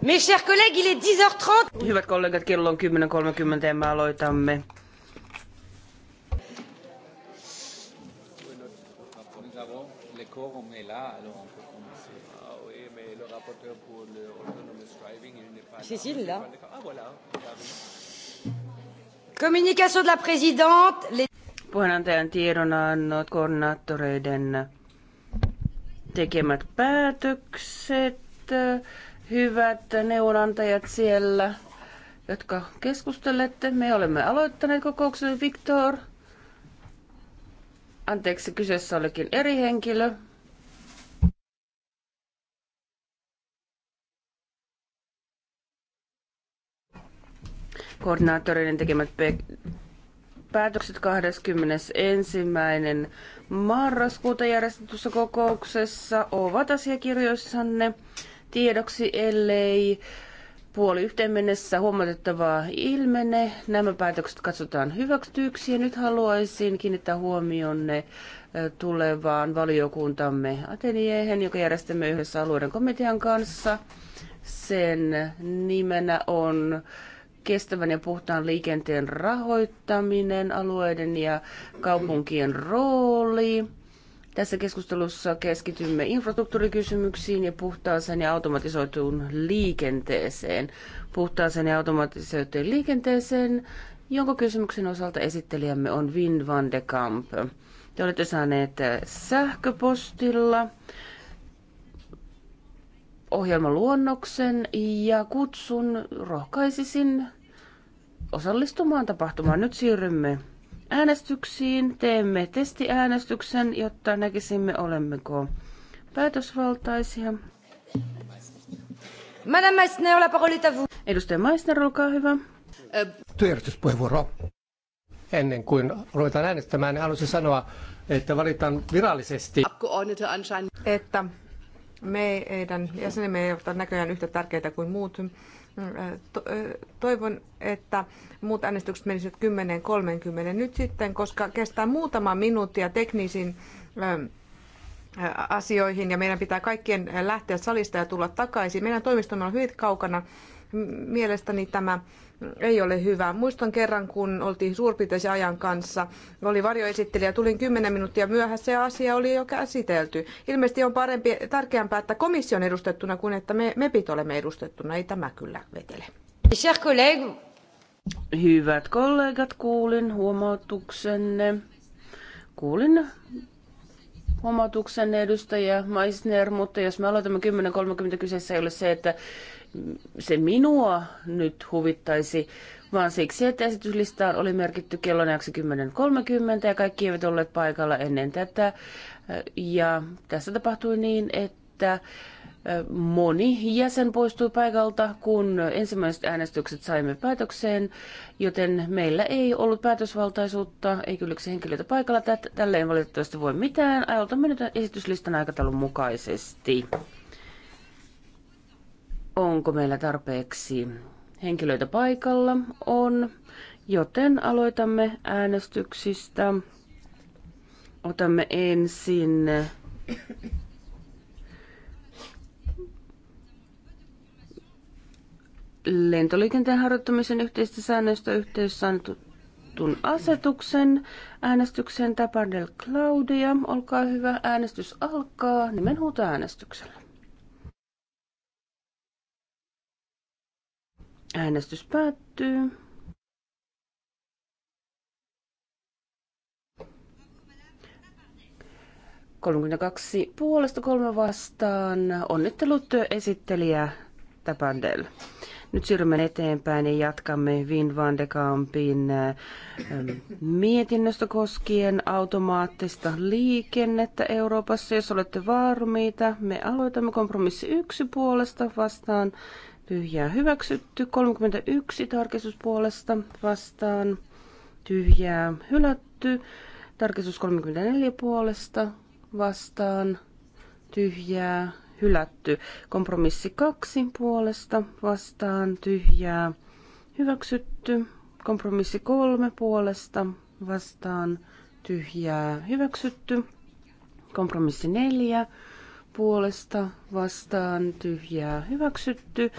Mes chers collègues, il est 10h30. Hyvät kollegat, kello on 10.30 ja me aloitamme. Ah Cécile, là. Ah, Communication de la présidente. Les... tiedonannot, koordinaattoreiden tekemät päätökset hyvät neuvonantajat siellä, jotka keskustelette. Me olemme aloittaneet kokouksen Viktor. Anteeksi, kyseessä olikin eri henkilö. Koordinaattorien tekemät päätökset 21. marraskuuta järjestetyssä kokouksessa ovat asiakirjoissanne tiedoksi, ellei puoli yhteen mennessä huomautettavaa ilmene. Nämä päätökset katsotaan hyväksytyksi ja nyt haluaisin kiinnittää huomionne tulevaan valiokuntamme Ateniehen, joka järjestämme yhdessä alueiden komitean kanssa. Sen nimenä on kestävän ja puhtaan liikenteen rahoittaminen, alueiden ja kaupunkien rooli. Tässä keskustelussa keskitymme infrastruktuurikysymyksiin ja puhtaaseen ja automatisoituun liikenteeseen. Puhtaaseen ja automatisoituun liikenteeseen, jonka kysymyksen osalta esittelijämme on Vin van de Kamp. Te olette saaneet sähköpostilla ohjelmaluonnoksen ja kutsun rohkaisisin osallistumaan tapahtumaan. Nyt siirrymme äänestyksiin. Teemme testiäänestyksen, jotta näkisimme, olemmeko päätösvaltaisia. Madame Meissner, la parole est à vous. Edustaja Meissner, olkaa hyvä. Työjärjestyspuheenvuoro. Ennen kuin ruvetaan äänestämään, niin haluaisin sanoa, että valitaan virallisesti, että meidän jäsenemme eivät ole näköjään yhtä tärkeitä kuin muut Toivon, että muut äänestykset menisivät 10.30 nyt sitten, koska kestää muutama minuuttia teknisiin asioihin ja meidän pitää kaikkien lähteä salista ja tulla takaisin. Meidän toimistomme on hyvin kaukana. Mielestäni tämä ei ole hyvä. Muistan kerran, kun oltiin suurpiteisen ajan kanssa, oli varjoesittelijä, tulin 10 minuuttia myöhässä ja asia oli jo käsitelty. Ilmeisesti on parempi, tärkeämpää, että komissio on edustettuna kuin että me MEPit olemme edustettuna. Ei tämä kyllä vetele. Hyvät kollegat, kuulin huomautuksenne. Kuulin huomautuksen edustaja Meissner, mutta jos me aloitamme 10.30 kyseessä ei ole se, että se minua nyt huvittaisi, vaan siksi, että esityslistaan oli merkitty kello 10.30 ja kaikki eivät olleet paikalla ennen tätä. Ja tässä tapahtui niin, että Moni jäsen poistui paikalta, kun ensimmäiset äänestykset saimme päätökseen, joten meillä ei ollut päätösvaltaisuutta, ei kylliksi henkilöitä paikalla. Tälle ei valitettavasti voi mitään. Aloitamme nyt esityslistan aikataulun mukaisesti. Onko meillä tarpeeksi henkilöitä paikalla? On, joten aloitamme äänestyksistä. Otamme ensin lentoliikenteen harjoittamisen yhteistä säännöistä yhteydessä annetun asetuksen äänestykseen Tapar del Claudia. Olkaa hyvä, äänestys alkaa nimenhuuta äänestyksellä. Äänestys päättyy. kaksi puolesta kolme vastaan. Onnittelut esittelijä Tapandel. Nyt siirrymme eteenpäin ja jatkamme Vin van de Kampin ähm, mietinnöstä koskien automaattista liikennettä Euroopassa. Jos olette varmiita, me aloitamme kompromissi yksi puolesta vastaan. Tyhjää hyväksytty. 31 tarkistuspuolesta vastaan. Tyhjää hylätty. Tarkistus 34 puolesta vastaan. Tyhjää hylätty. Kompromissi kaksi puolesta vastaan tyhjää hyväksytty. Kompromissi kolme puolesta vastaan tyhjää hyväksytty. Kompromissi neljä puolesta vastaan tyhjää hyväksytty.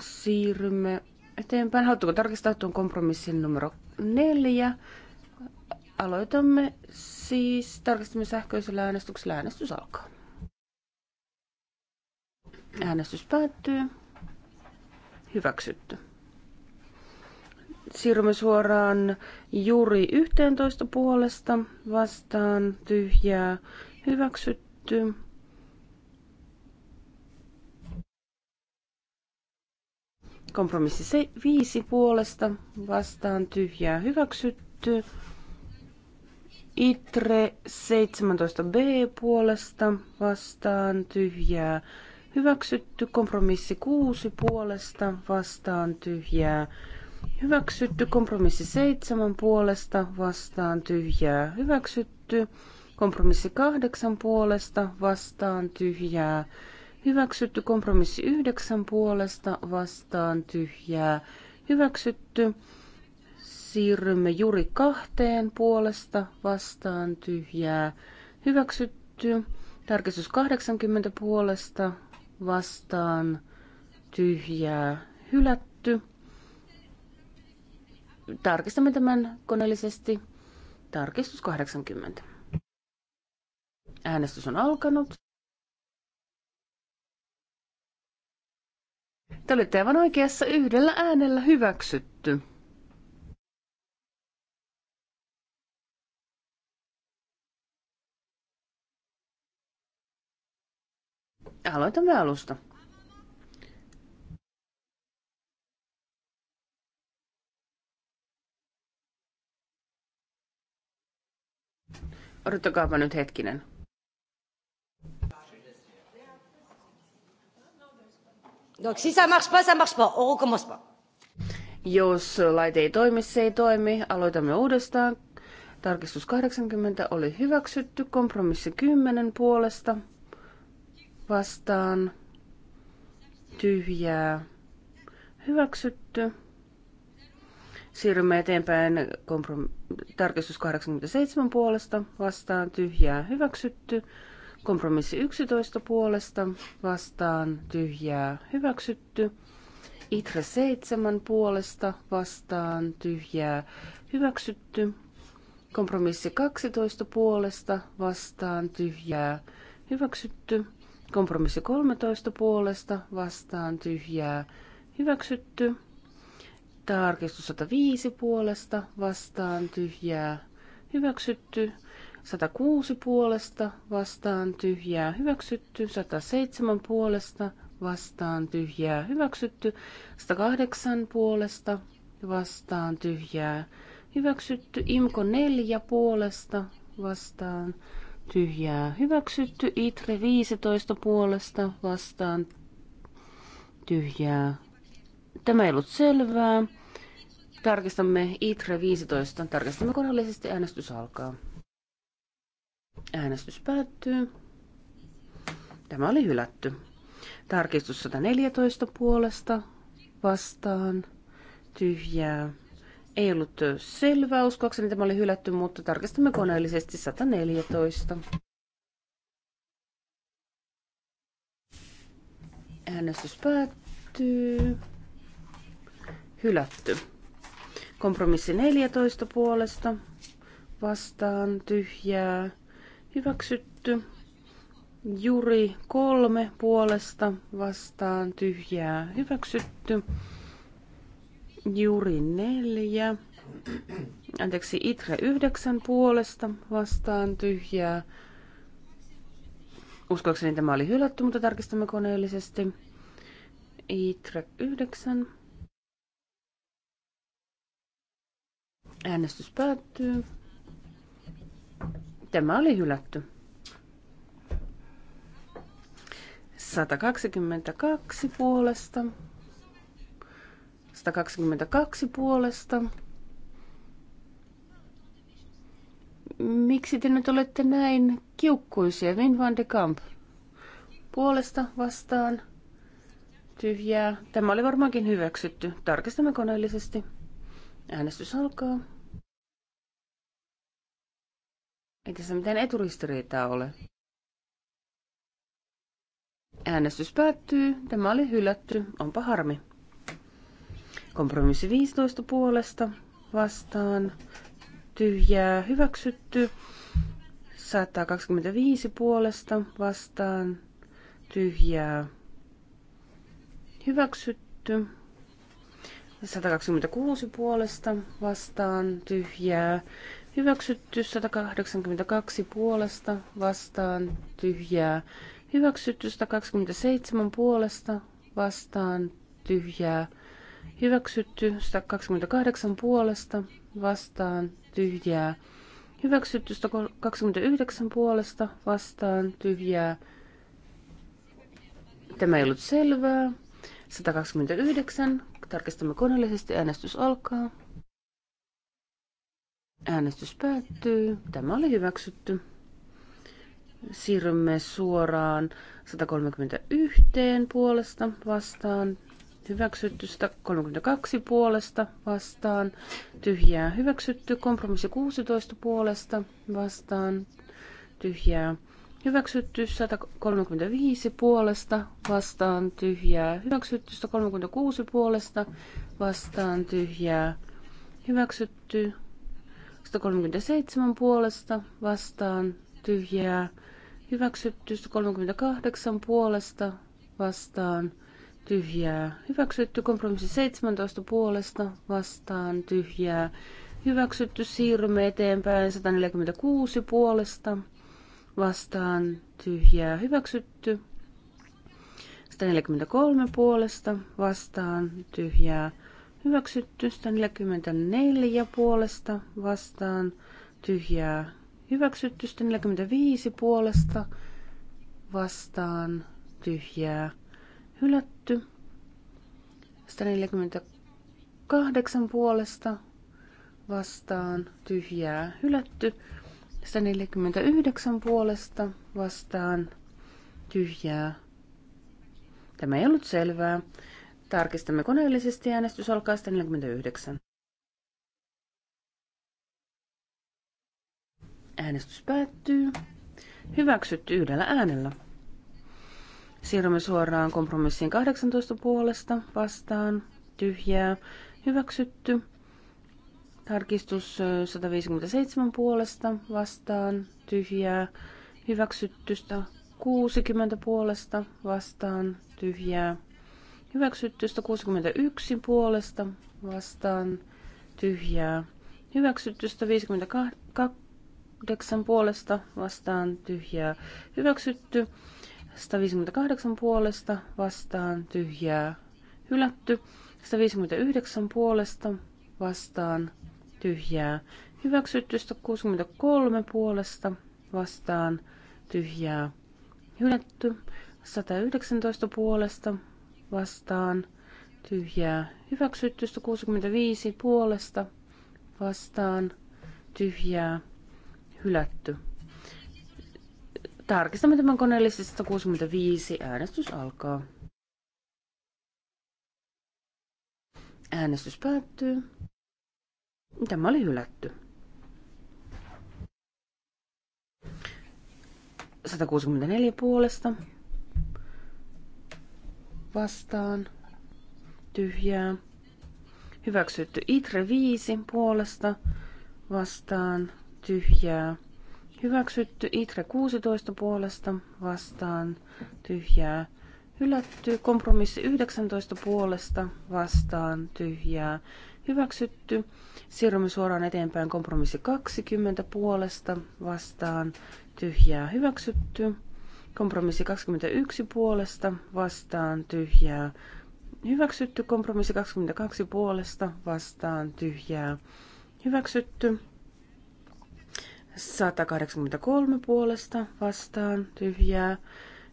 Siirrymme eteenpäin. Haluatteko tarkistaa tuon kompromissin numero neljä? Aloitamme siis tarkistamme sähköisellä äänestyksellä. Äänestys alkaa. Äänestys päättyy. Hyväksytty. Siirrymme suoraan juuri 11 puolesta vastaan tyhjää hyväksytty. Kompromissi 5 puolesta vastaan tyhjää hyväksytty. Itre 17b puolesta vastaan tyhjää Hyväksytty kompromissi 6 puolesta vastaan tyhjää. Hyväksytty kompromissi 7 puolesta vastaan tyhjää. Hyväksytty kompromissi 8 puolesta vastaan tyhjää. Hyväksytty kompromissi 9 puolesta vastaan tyhjää. Hyväksytty. Siirrymme juuri kahteen puolesta vastaan tyhjää. Hyväksytty. Tarkistus 80 puolesta vastaan tyhjää hylätty. Tarkistamme tämän koneellisesti. Tarkistus 80. Äänestys on alkanut. Te olette aivan oikeassa yhdellä äänellä hyväksytty. Aloitamme alusta. Odottakaapa nyt hetkinen. Donc si ça marche pas, ça marche pas. On recommence pas. Jos laite ei toimi, se ei toimi. Aloitamme uudestaan. Tarkistus 80 oli hyväksytty. Kompromissi 10 puolesta vastaan tyhjää hyväksytty. Siirrymme eteenpäin komprom- tarkistus 87 puolesta vastaan tyhjää hyväksytty. Kompromissi 11 puolesta vastaan tyhjää hyväksytty. ITRA 7 puolesta vastaan tyhjää hyväksytty. Kompromissi 12 puolesta vastaan tyhjää hyväksytty. Kompromissi 13 puolesta vastaan tyhjää hyväksytty. Tarkistus 105 puolesta vastaan tyhjää hyväksytty. 106 puolesta vastaan tyhjää hyväksytty. 107 puolesta vastaan tyhjää hyväksytty. 108 puolesta vastaan tyhjää hyväksytty. Imko 4 puolesta vastaan tyhjää hyväksytty. Itre 15 puolesta vastaan tyhjää. Tämä ei ollut selvää. Tarkistamme Itre 15. Tarkistamme korallisesti. Äänestys alkaa. Äänestys päättyy. Tämä oli hylätty. Tarkistus 114 puolesta vastaan tyhjää ei ollut selvää. Uskoakseni tämä oli hylätty, mutta tarkistamme koneellisesti 114. Äänestys päättyy. Hylätty. Kompromissi 14 puolesta. Vastaan tyhjää. Hyväksytty. Juri kolme puolesta vastaan tyhjää hyväksytty. Juuri neljä. Anteeksi, Itre yhdeksän puolesta vastaan tyhjää. Uskoakseni tämä oli hylätty, mutta tarkistamme koneellisesti. Itre yhdeksän. Äänestys päättyy. Tämä oli hylätty. 122 puolesta 122 puolesta. Miksi te nyt olette näin kiukkuisia? Vin van de Kamp. Puolesta vastaan. Tyhjää. Tämä oli varmaankin hyväksytty. Tarkistamme koneellisesti. Äänestys alkaa. Ei tässä mitään eturistiriitaa ole. Äänestys päättyy. Tämä oli hylätty. Onpa harmi. Kompromissi 15 puolesta vastaan tyhjää hyväksytty. 125 puolesta vastaan tyhjää hyväksytty. 126 puolesta vastaan tyhjää hyväksytty. 182 puolesta vastaan tyhjää hyväksytty. 127 puolesta vastaan tyhjää hyväksytty hyväksytty 128 puolesta vastaan tyhjää. Hyväksytty 129 puolesta vastaan tyhjää. Tämä ei ollut selvää. 129. Tarkistamme koneellisesti. Äänestys alkaa. Äänestys päättyy. Tämä oli hyväksytty. Siirrymme suoraan 131 puolesta vastaan hyväksytty 132 puolesta vastaan, tyhjää hyväksytty, kompromissi 16 puolesta vastaan, tyhjää hyväksytty 135 puolesta vastaan, tyhjää hyväksytty 136 puolesta vastaan, tyhjää hyväksytty 137 puolesta vastaan, tyhjää hyväksytty 138 puolesta vastaan, tyhjää, tyhjää. Hyväksytty kompromissi 17 puolesta vastaan tyhjää. Hyväksytty siirrymme eteenpäin 146 puolesta vastaan tyhjää. Hyväksytty 143 puolesta vastaan tyhjää. Hyväksytty 144 puolesta vastaan tyhjää. Hyväksytty 145 puolesta vastaan tyhjää. Hylätty 148 puolesta vastaan tyhjää hylätty. 149 puolesta vastaan tyhjää. Tämä ei ollut selvää. Tarkistamme koneellisesti äänestys alkaa 149. Äänestys päättyy. Hyväksytty yhdellä äänellä. Siirrymme suoraan kompromissiin 18 puolesta vastaan. Tyhjää. Hyväksytty. Tarkistus 157 puolesta vastaan. Tyhjää. Hyväksyttystä 60 puolesta vastaan. Tyhjää. Hyväksyttystä 61 puolesta vastaan. Tyhjää. Hyväksyttystä 58 kahdeksan puolesta vastaan tyhjää hyväksytty. 158 puolesta vastaan tyhjää hylätty. 159 puolesta vastaan tyhjää hyväksytty. 163 puolesta vastaan tyhjää hylätty. 119 puolesta vastaan tyhjää hyväksytty. 165 puolesta vastaan tyhjää hylätty. Tarkistamme tämän koneellisesti 165. Äänestys alkaa. Äänestys päättyy. Tämä oli hylätty. 164 puolesta. Vastaan. Tyhjää. Hyväksytty ITRE 5 puolesta. Vastaan. Tyhjää. Hyväksytty Itre 16 puolesta vastaan tyhjää. Hylätty kompromissi 19 puolesta vastaan tyhjää. Hyväksytty. Siirrymme suoraan eteenpäin kompromissi 20 puolesta vastaan tyhjää. Hyväksytty. Kompromissi 21 puolesta vastaan tyhjää. Hyväksytty kompromissi 22 puolesta vastaan tyhjää. Hyväksytty 183 puolesta vastaan tyhjää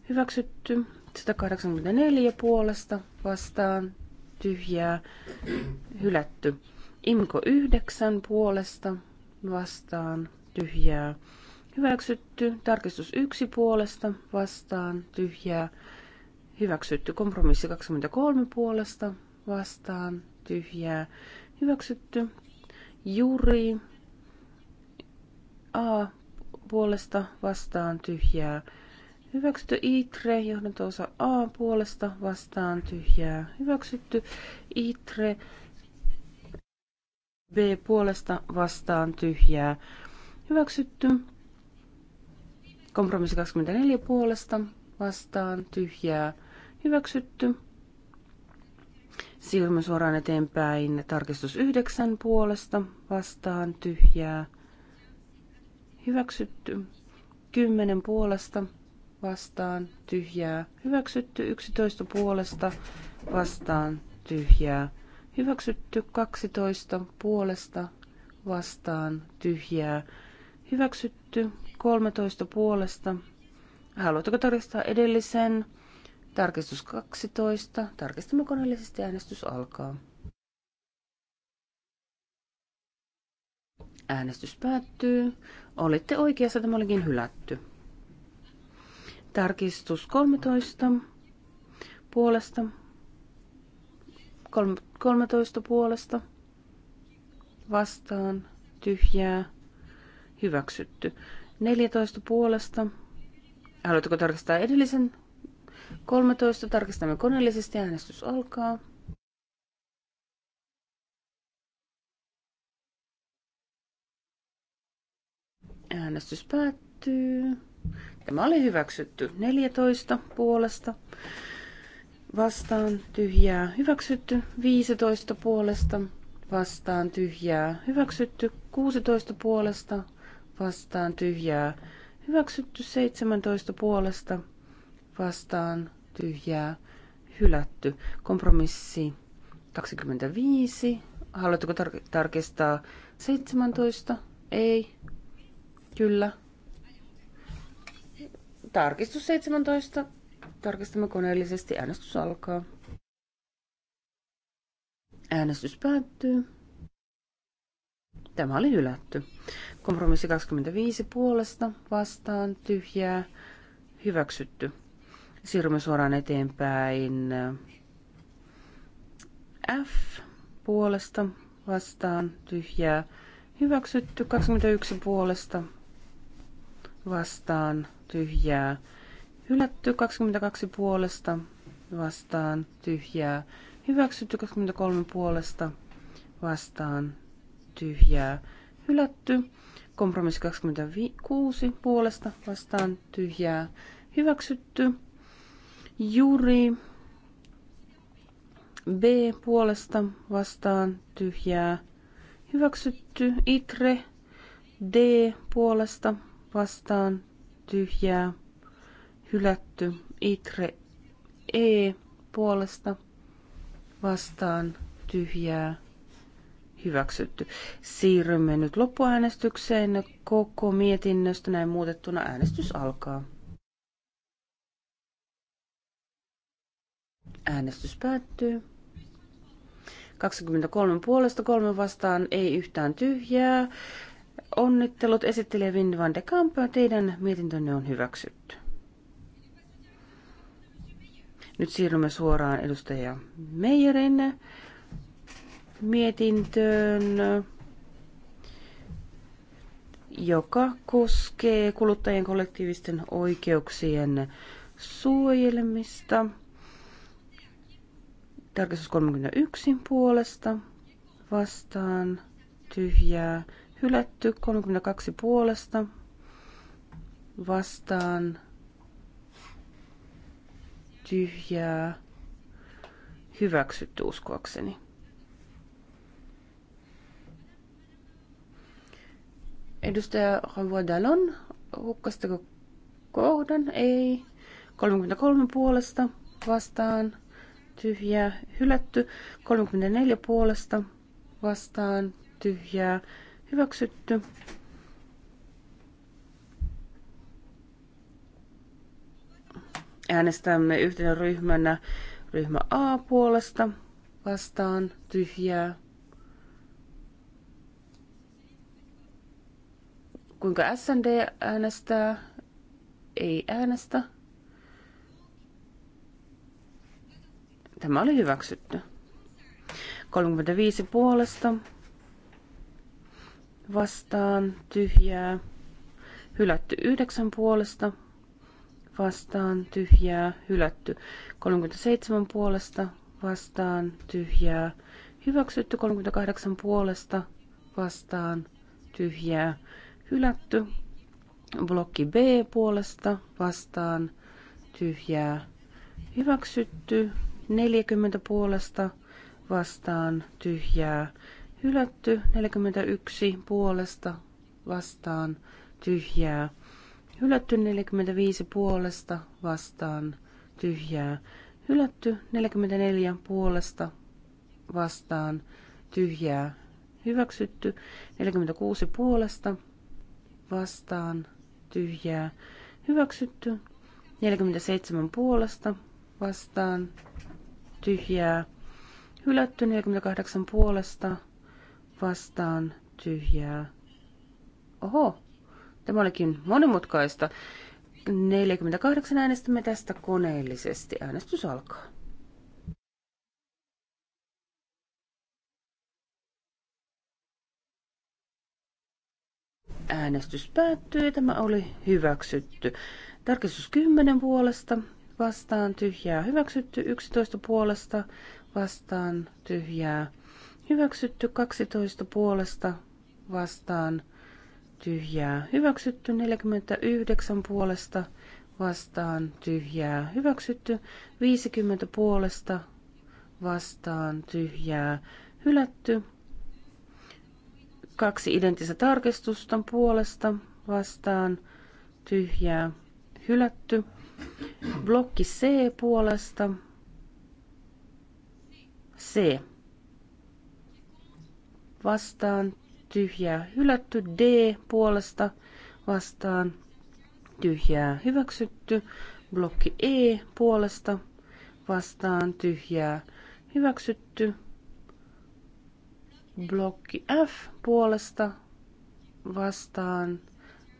hyväksytty. 184 puolesta vastaan tyhjää hylätty. Imko 9 puolesta vastaan tyhjää hyväksytty. Tarkistus 1 puolesta vastaan tyhjää hyväksytty. Kompromissi 23 puolesta vastaan tyhjää hyväksytty. Juri A puolesta vastaan tyhjää. Hyväksytty ITRE, johdantoosa A puolesta vastaan tyhjää. Hyväksytty ITRE, B puolesta vastaan tyhjää. Hyväksytty. Kompromissi 24 puolesta vastaan tyhjää. Hyväksytty. Siirrymme suoraan eteenpäin. Tarkistus 9 puolesta vastaan tyhjää hyväksytty. 10 puolesta vastaan tyhjää, hyväksytty. 11 puolesta vastaan tyhjää, hyväksytty. 12 puolesta vastaan tyhjää, hyväksytty. 13 puolesta. Haluatteko tarkistaa edellisen? Tarkistus 12. Tarkistamme koneellisesti äänestys alkaa. Äänestys päättyy. Olitte oikeassa, tämä olikin hylätty. Tarkistus 13 puolesta. 13 puolesta vastaan tyhjää hyväksytty. 14 puolesta. Haluatteko tarkistaa edellisen? 13 tarkistamme koneellisesti. Äänestys alkaa. Äänestys päättyy. Tämä oli hyväksytty 14 puolesta. Vastaan tyhjää hyväksytty 15 puolesta. Vastaan tyhjää hyväksytty 16 puolesta. Vastaan tyhjää hyväksytty 17 puolesta. Vastaan tyhjää hylätty. Kompromissi 25. Haluatteko tar- tarkistaa 17? Ei. Kyllä. Tarkistus 17. Tarkistamme koneellisesti. Äänestys alkaa. Äänestys päättyy. Tämä oli hylätty. Kompromissi 25 puolesta vastaan tyhjää hyväksytty. Siirrymme suoraan eteenpäin. F puolesta vastaan tyhjää hyväksytty. 21 puolesta vastaan tyhjää. Hylätty 22 puolesta vastaan tyhjää. Hyväksytty 23 puolesta vastaan tyhjää. Hylätty. Kompromissi 26 puolesta vastaan tyhjää. Hyväksytty. Juri B puolesta vastaan tyhjää. Hyväksytty. Itre D puolesta vastaan tyhjää hylätty. Itre E puolesta vastaan tyhjää hyväksytty. Siirrymme nyt loppuäänestykseen koko mietinnöstä näin muutettuna. Äänestys alkaa. Äänestys päättyy. 23 puolesta, 3 vastaan, ei yhtään tyhjää. Onnittelut esittelijä Vin van de Kamp, teidän mietintönne on hyväksytty. Nyt siirrymme suoraan edustaja Meijerin mietintöön, joka koskee kuluttajien kollektiivisten oikeuksien suojelemista. Tarkastus 31 puolesta vastaan tyhjää Hylätty 32 puolesta vastaan tyhjää hyväksytty uskoakseni. Edustaja Dallon, hukkasteko kohdan? Ei. 33 puolesta vastaan tyhjää hylätty. 34 puolesta vastaan tyhjää Hyväksytty. Äänestämme yhtenä ryhmänä ryhmä A puolesta vastaan tyhjää. Kuinka SND äänestää? Ei äänestä. Tämä oli hyväksytty. 35 puolesta vastaan tyhjää, hylätty 9 puolesta, vastaan tyhjää, hylätty 37 puolesta, vastaan tyhjää, hyväksytty 38 puolesta, vastaan tyhjää, hylätty blokki B puolesta, vastaan tyhjää, hyväksytty 40 puolesta, vastaan tyhjää, Hylätty 41 puolesta vastaan tyhjää. Hylätty 45 puolesta vastaan tyhjää. Hylätty 44 puolesta vastaan tyhjää. Hyväksytty 46 puolesta vastaan tyhjää. Hyväksytty 47 puolesta vastaan tyhjää. Hylätty 48 puolesta vastaan tyhjää. Oho, tämä olikin monimutkaista. 48 äänestämme tästä koneellisesti. Äänestys alkaa. Äänestys päättyy. Tämä oli hyväksytty. Tarkistus 10 puolesta vastaan tyhjää hyväksytty. 11 puolesta vastaan tyhjää Hyväksytty 12 puolesta vastaan tyhjää. Hyväksytty 49 puolesta vastaan tyhjää. Hyväksytty 50 puolesta vastaan tyhjää. Hylätty kaksi identtistä tarkistusta puolesta vastaan tyhjää. Hylätty blokki C puolesta C vastaan tyhjää hylätty, D puolesta vastaan tyhjää hyväksytty, blokki E puolesta vastaan tyhjää hyväksytty, blokki F puolesta vastaan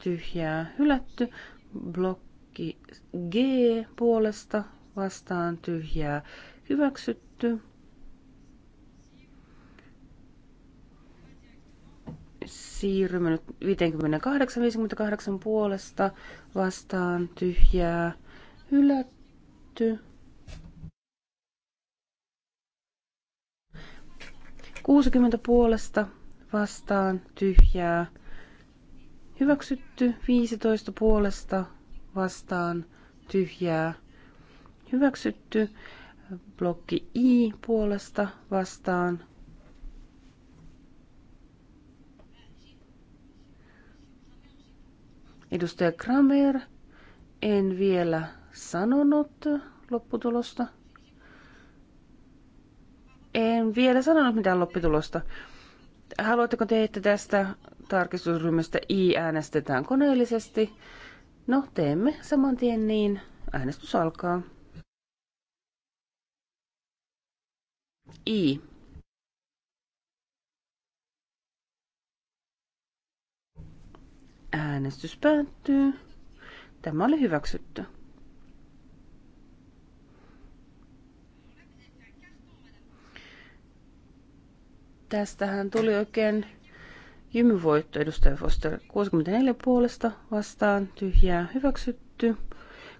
tyhjää hylätty, blokki G puolesta vastaan tyhjää hyväksytty, siirrymme nyt 58, 58 puolesta vastaan tyhjää hylätty. 60 puolesta vastaan tyhjää hyväksytty. 15 puolesta vastaan tyhjää hyväksytty. Blokki I puolesta vastaan Edustaja Kramer, en vielä sanonut lopputulosta. En vielä sanonut mitään lopputulosta. Haluatteko te, että tästä tarkistusryhmästä I äänestetään koneellisesti? No, teemme saman tien niin. Äänestys alkaa. I. Äänestys päättyy. Tämä oli hyväksytty. Tästähän tuli oikein jymyvoitto edustaja Foster. 64 puolesta vastaan tyhjää hyväksytty.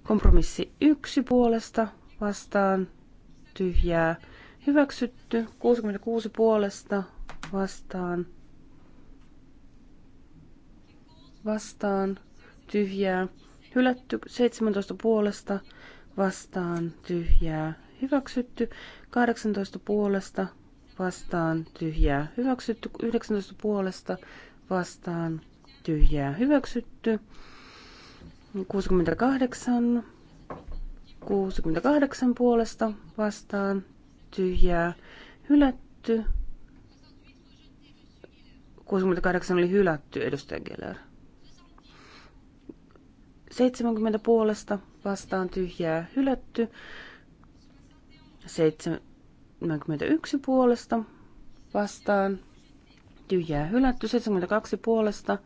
Kompromissi 1 puolesta vastaan tyhjää hyväksytty. 66 puolesta vastaan vastaan tyhjää hylätty, 17 puolesta vastaan tyhjää hyväksytty, 18 puolesta vastaan tyhjää hyväksytty, 19 puolesta vastaan tyhjää hyväksytty, 68, 68 puolesta vastaan tyhjää hylätty, 68 oli hylätty, edustaja Geller. 70 puolesta vastaan tyhjää hylätty. 71 puolesta vastaan tyhjää hylätty. 72 puolesta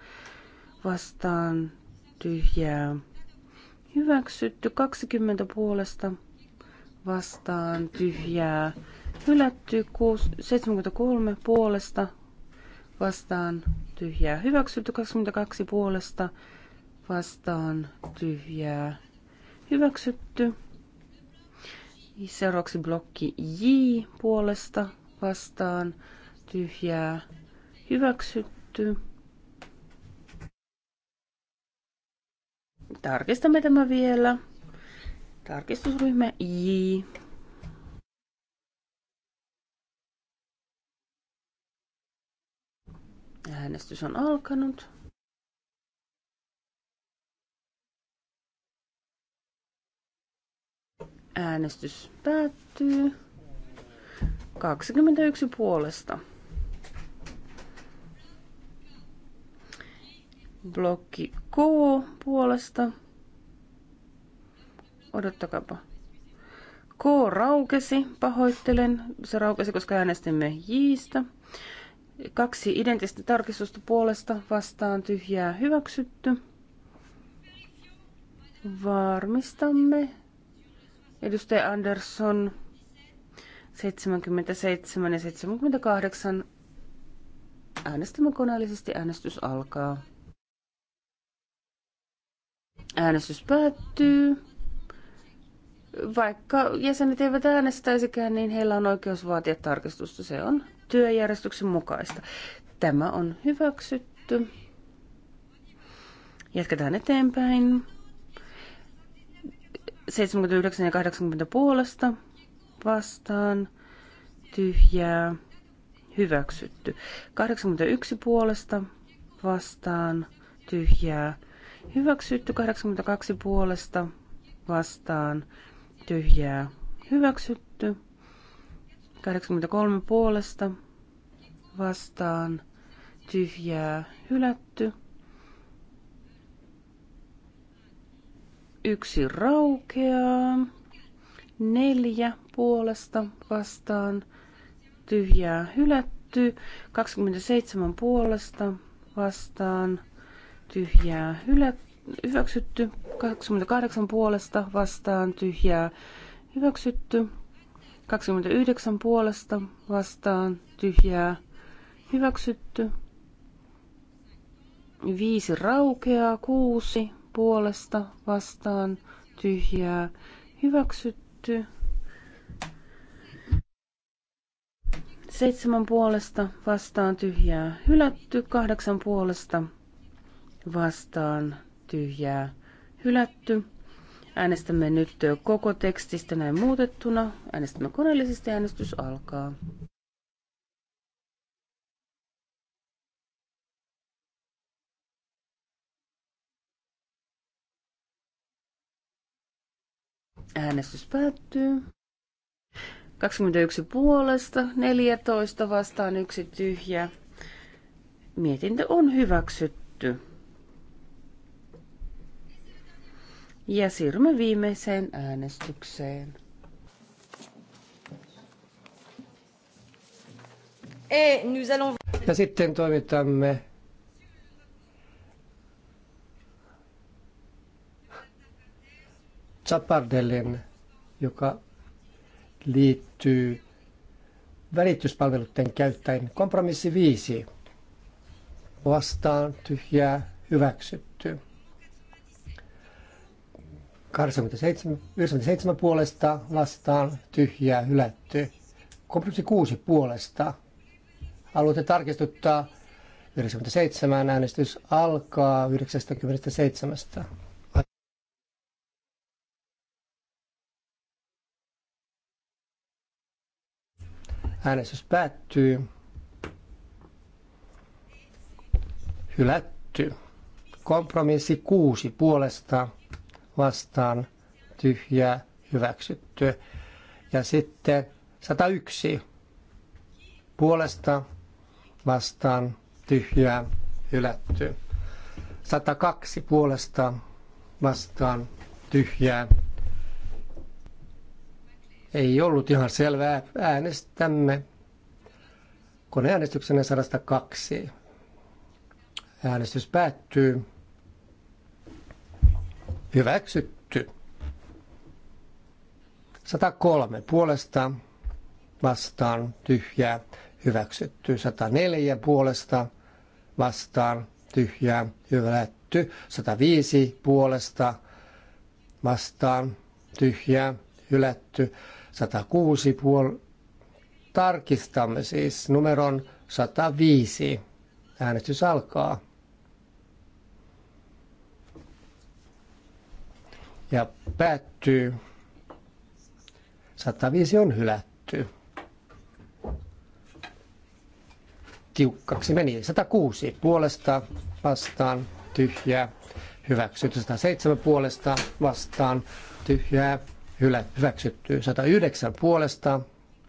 vastaan tyhjää hyväksytty. 20 puolesta vastaan tyhjää hylätty. 73 puolesta vastaan tyhjää hyväksytty. 22 puolesta vastaan, vastaan tyhjää hyväksytty. Seuraavaksi blokki J puolesta vastaan tyhjää hyväksytty. Tarkistamme tämä vielä. Tarkistusryhmä J. Äänestys on alkanut. Äänestys päättyy. 21 puolesta. Blokki K puolesta. Odottakapa. K raukesi, pahoittelen. Se raukesi, koska äänestimme Jistä. Kaksi identistä tarkistusta puolesta vastaan tyhjää hyväksytty. Varmistamme Edustaja Andersson 77 ja 78. Äänestämme koneellisesti. Äänestys alkaa. Äänestys päättyy. Vaikka jäsenet eivät äänestäisikään, niin heillä on oikeus vaatia tarkistusta. Se on työjärjestyksen mukaista. Tämä on hyväksytty. Jatketaan eteenpäin. 79 ja 80 puolesta vastaan tyhjää hyväksytty. 81 puolesta vastaan tyhjää hyväksytty. 82 puolesta vastaan tyhjää hyväksytty. 83 puolesta vastaan tyhjää hylätty. Yksi raukeaa. Neljä puolesta vastaan tyhjää hylätty. 27 puolesta vastaan tyhjää hylätty. Hyväksytty 28 puolesta vastaan tyhjää hyväksytty. 29 puolesta vastaan tyhjää hyväksytty. 5 raukeaa, 6 puolesta vastaan tyhjää hyväksytty. Seitsemän puolesta vastaan tyhjää hylätty. Kahdeksan puolesta vastaan tyhjää hylätty. Äänestämme nyt koko tekstistä näin muutettuna. Äänestämme koneellisesti äänestys alkaa. Äänestys päättyy. 21 puolesta, 14 vastaan, yksi tyhjä. Mietintö on hyväksytty. Ja siirrymme viimeiseen äänestykseen. Eh, ja sitten toimitamme Zapardellen, joka liittyy välityspalveluiden käyttäen. Kompromissi 5. Vastaan tyhjää hyväksytty. 97 puolesta vastaan tyhjää hylätty. Kompromissi 6 puolesta. Aloite tarkistuttaa 97 äänestys alkaa 97. Äänestys päättyy. Hylätty. Kompromissi kuusi puolesta vastaan tyhjää hyväksytty. Ja sitten 101 puolesta vastaan tyhjää hylätty. 102 puolesta vastaan tyhjää ei ollut ihan selvää. Äänestämme koneäänestyksenä 102. Äänestys päättyy. Hyväksytty. 103 puolesta vastaan tyhjää hyväksytty. 104 puolesta vastaan tyhjää Hyväksytty. 105 puolesta vastaan tyhjää hylätty. 106 puol... Tarkistamme siis numeron 105. Äänestys alkaa. Ja päättyy. 105 on hylätty. Tiukkaksi meni. 106 puolesta vastaan tyhjää. Hyväksytty 107 puolesta vastaan tyhjää hyväksytty. 109 puolesta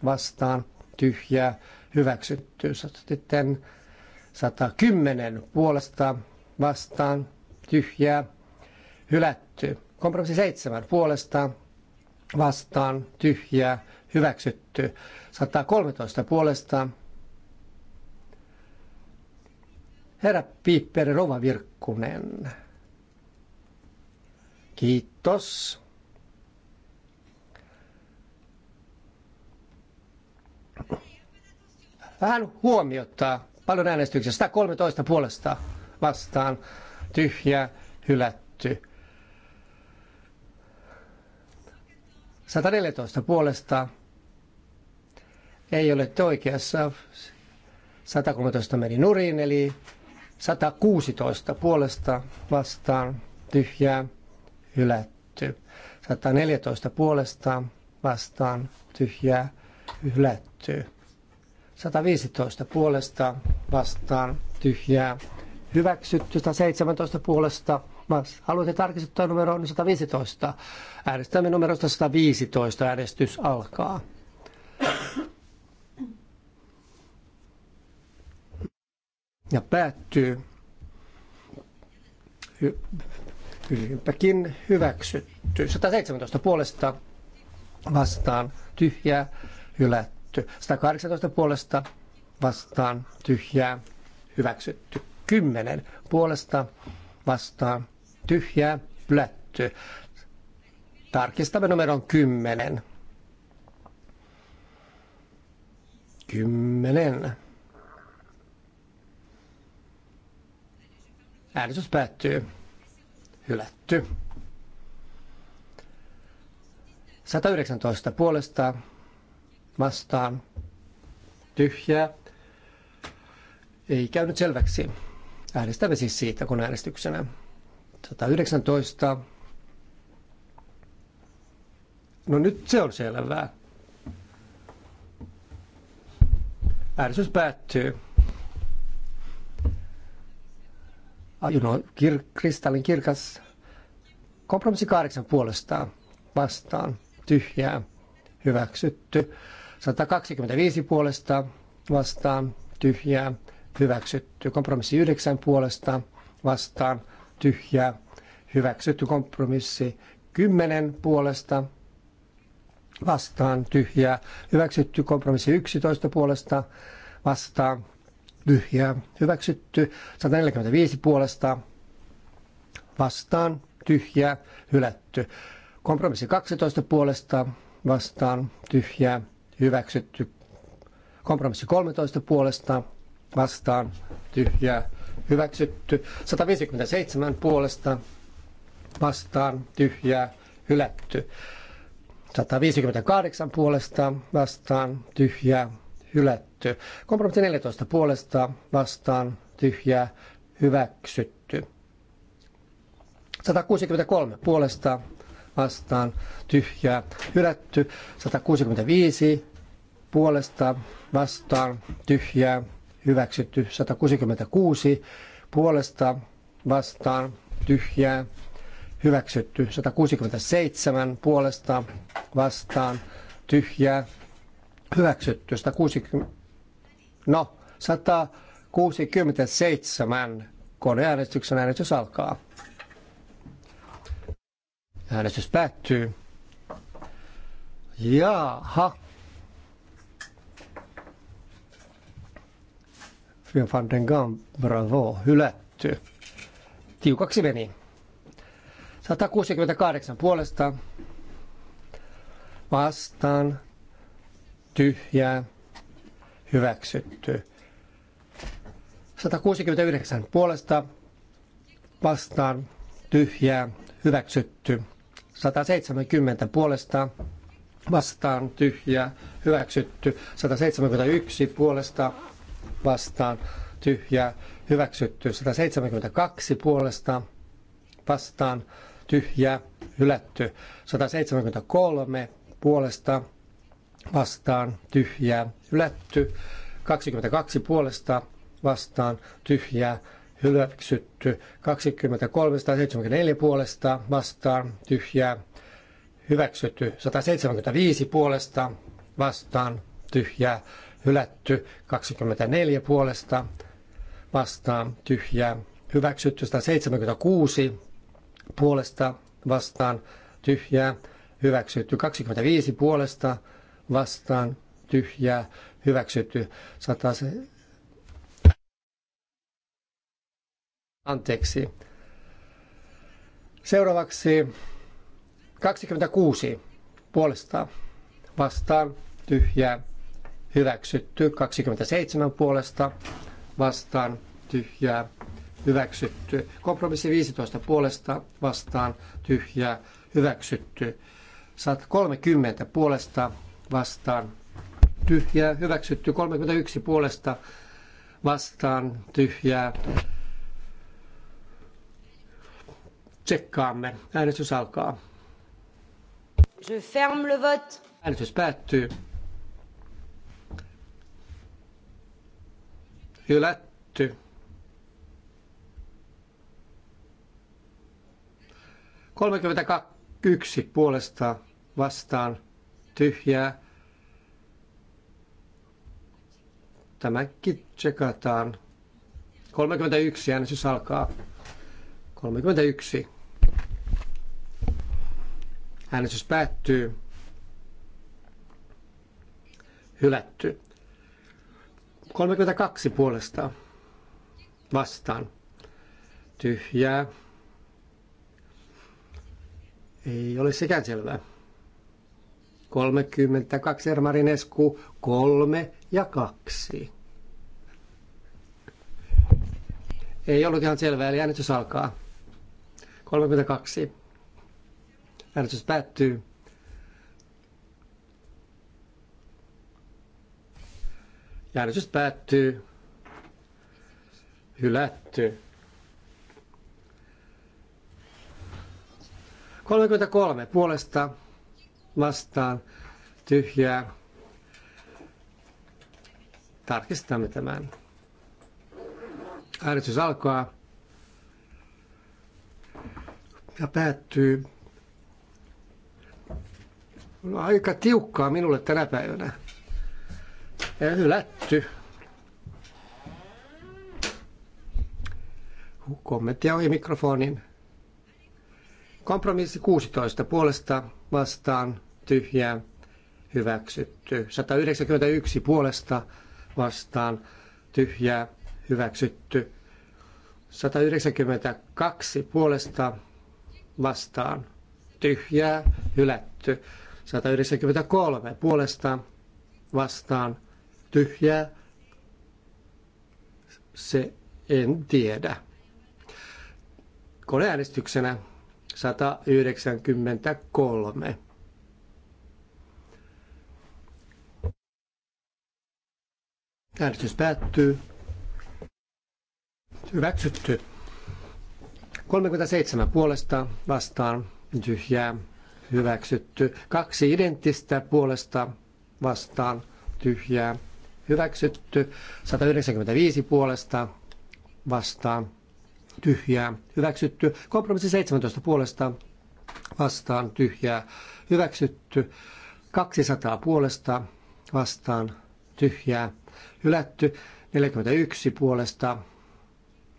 vastaan tyhjää hyväksytty. Sitten 110 puolesta vastaan tyhjää hylätty. Kompromissi 7 puolesta vastaan tyhjää hyväksytty. 113 puolesta Herra Piipperi Rova Virkkunen. Kiitos. vähän huomiottaa. Paljon äänestyksiä. 113 puolesta vastaan. Tyhjä, hylätty. 114 puolesta. Ei ole oikeassa. 113 meni nurin, eli 116 puolesta vastaan. Tyhjää, hylätty. 114 puolesta vastaan. Tyhjää, hylätty. 115 puolesta vastaan tyhjää hyväksytty, 117 puolesta Haluatte tarkistaa numero 115. Äänestämme numerosta 115. Äänestys alkaa. Ja päättyy. hyvinpäkin hyväksytty. 117 puolesta vastaan tyhjää hylätty hyväksytty. 118 puolesta vastaan tyhjää hyväksytty. 10 puolesta vastaan tyhjää hylätty. Tarkistamme numeron 10. 10. Äänestys päättyy. Hylätty. 119 puolesta vastaan tyhjää. Ei käynyt selväksi. Äänestämme siis siitä, kun äänestyksenä 119. No nyt se on selvää. Äänestys päättyy. Ajuno, ah, kir- kristallin kirkas. Kompromissi kahdeksan puolestaan vastaan. Tyhjää. Hyväksytty. 125 puolesta vastaan tyhjää hyväksytty. Kompromissi 9 puolesta vastaan tyhjää hyväksytty. Kompromissi 10 puolesta vastaan tyhjää hyväksytty. Kompromissi 11 puolesta vastaan tyhjää hyväksytty. 145 puolesta vastaan tyhjää hylätty. Kompromissi 12 puolesta vastaan tyhjää hyväksytty. Kompromissi 13 puolesta vastaan tyhjää hyväksytty. 157 puolesta vastaan tyhjää hylätty. 158 puolesta vastaan tyhjää hylätty. Kompromissi 14 puolesta vastaan tyhjää hyväksytty. 163 puolesta vastaan tyhjää hylätty. 165 puolesta vastaan tyhjää hyväksytty 166, puolesta vastaan tyhjää hyväksytty 167, puolesta vastaan tyhjää hyväksytty 160, no 167 koneäänestyksen äänestys alkaa. Äänestys päättyy. Jaha. Fyn van den Gam, bravo, hylätty. Tiukaksi meni. 168 puolesta vastaan tyhjää hyväksytty. 169 puolesta vastaan tyhjää hyväksytty. 170 puolesta vastaan tyhjää hyväksytty. 171 puolesta vastaan tyhjää hyväksytty. 172 puolesta vastaan tyhjää hylätty. 173 puolesta vastaan tyhjää hylätty. 22 puolesta vastaan tyhjää hyväksytty. 23 174 puolesta vastaan tyhjää hyväksytty. 175 puolesta vastaan tyhjää hylätty 24 puolesta vastaan tyhjää hyväksytty 176 puolesta vastaan tyhjää hyväksytty 25 puolesta vastaan tyhjää hyväksytty 100 anteeksi. Seuraavaksi 26 puolesta vastaan tyhjää hyväksytty. 27 puolesta vastaan tyhjää hyväksytty. Kompromissi 15 puolesta vastaan tyhjää hyväksytty. 130 puolesta vastaan tyhjää hyväksytty. 31 puolesta vastaan tyhjää. Tsekkaamme. Äänestys alkaa. Je ferme le vote. Äänestys päättyy. Hylätty. Kolmekymmentäyksi puolesta vastaan tyhjää. Tämäkin tsekataan. 31 äänestys alkaa. 31. Äänestys päättyy. Hylätty. 32 puolesta vastaan. Tyhjää. Ei ole sekään selvää. 32 Ermarinesku, 3 ja 2. Ei ollut ihan selvää, eli äänestys alkaa. 32. Äänestys päättyy. Äänestys päättyy. Hylätty. 33 puolesta vastaan tyhjää. Tarkistamme tämän. Äänestys alkaa ja päättyy. No, aika tiukkaa minulle tänä päivänä hylätty. Kommentti oli mikrofonin. Kompromissi 16 puolesta vastaan tyhjää hyväksytty. 191 puolesta vastaan tyhjää hyväksytty. 192 puolesta vastaan tyhjää hylätty. 193 puolesta vastaan tyhjää. Se en tiedä. Koneäänestyksenä 193. Äänestys päättyy. Hyväksytty. 37 puolesta vastaan tyhjää. Hyväksytty. Kaksi identtistä puolesta vastaan tyhjää hyväksytty, 195 puolesta vastaan tyhjää hyväksytty, kompromissi 17 puolesta vastaan tyhjää hyväksytty, 200 puolesta vastaan tyhjää hylätty, 41 puolesta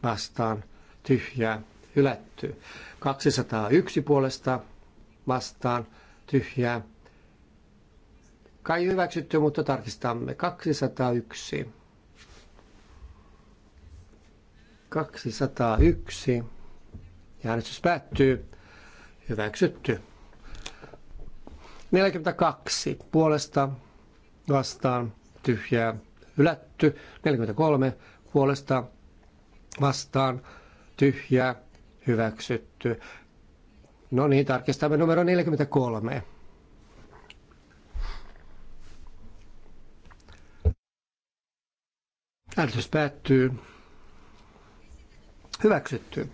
vastaan tyhjää hylätty, 201 puolesta vastaan tyhjää Kai hyväksytty, mutta tarkistamme. 201. 201. Ja äänestys päättyy. Hyväksytty. 42. Puolesta vastaan tyhjää hylätty. 43. Puolesta vastaan tyhjää hyväksytty. No niin, tarkistamme numero 43. Äänestys päättyy. Hyväksytty.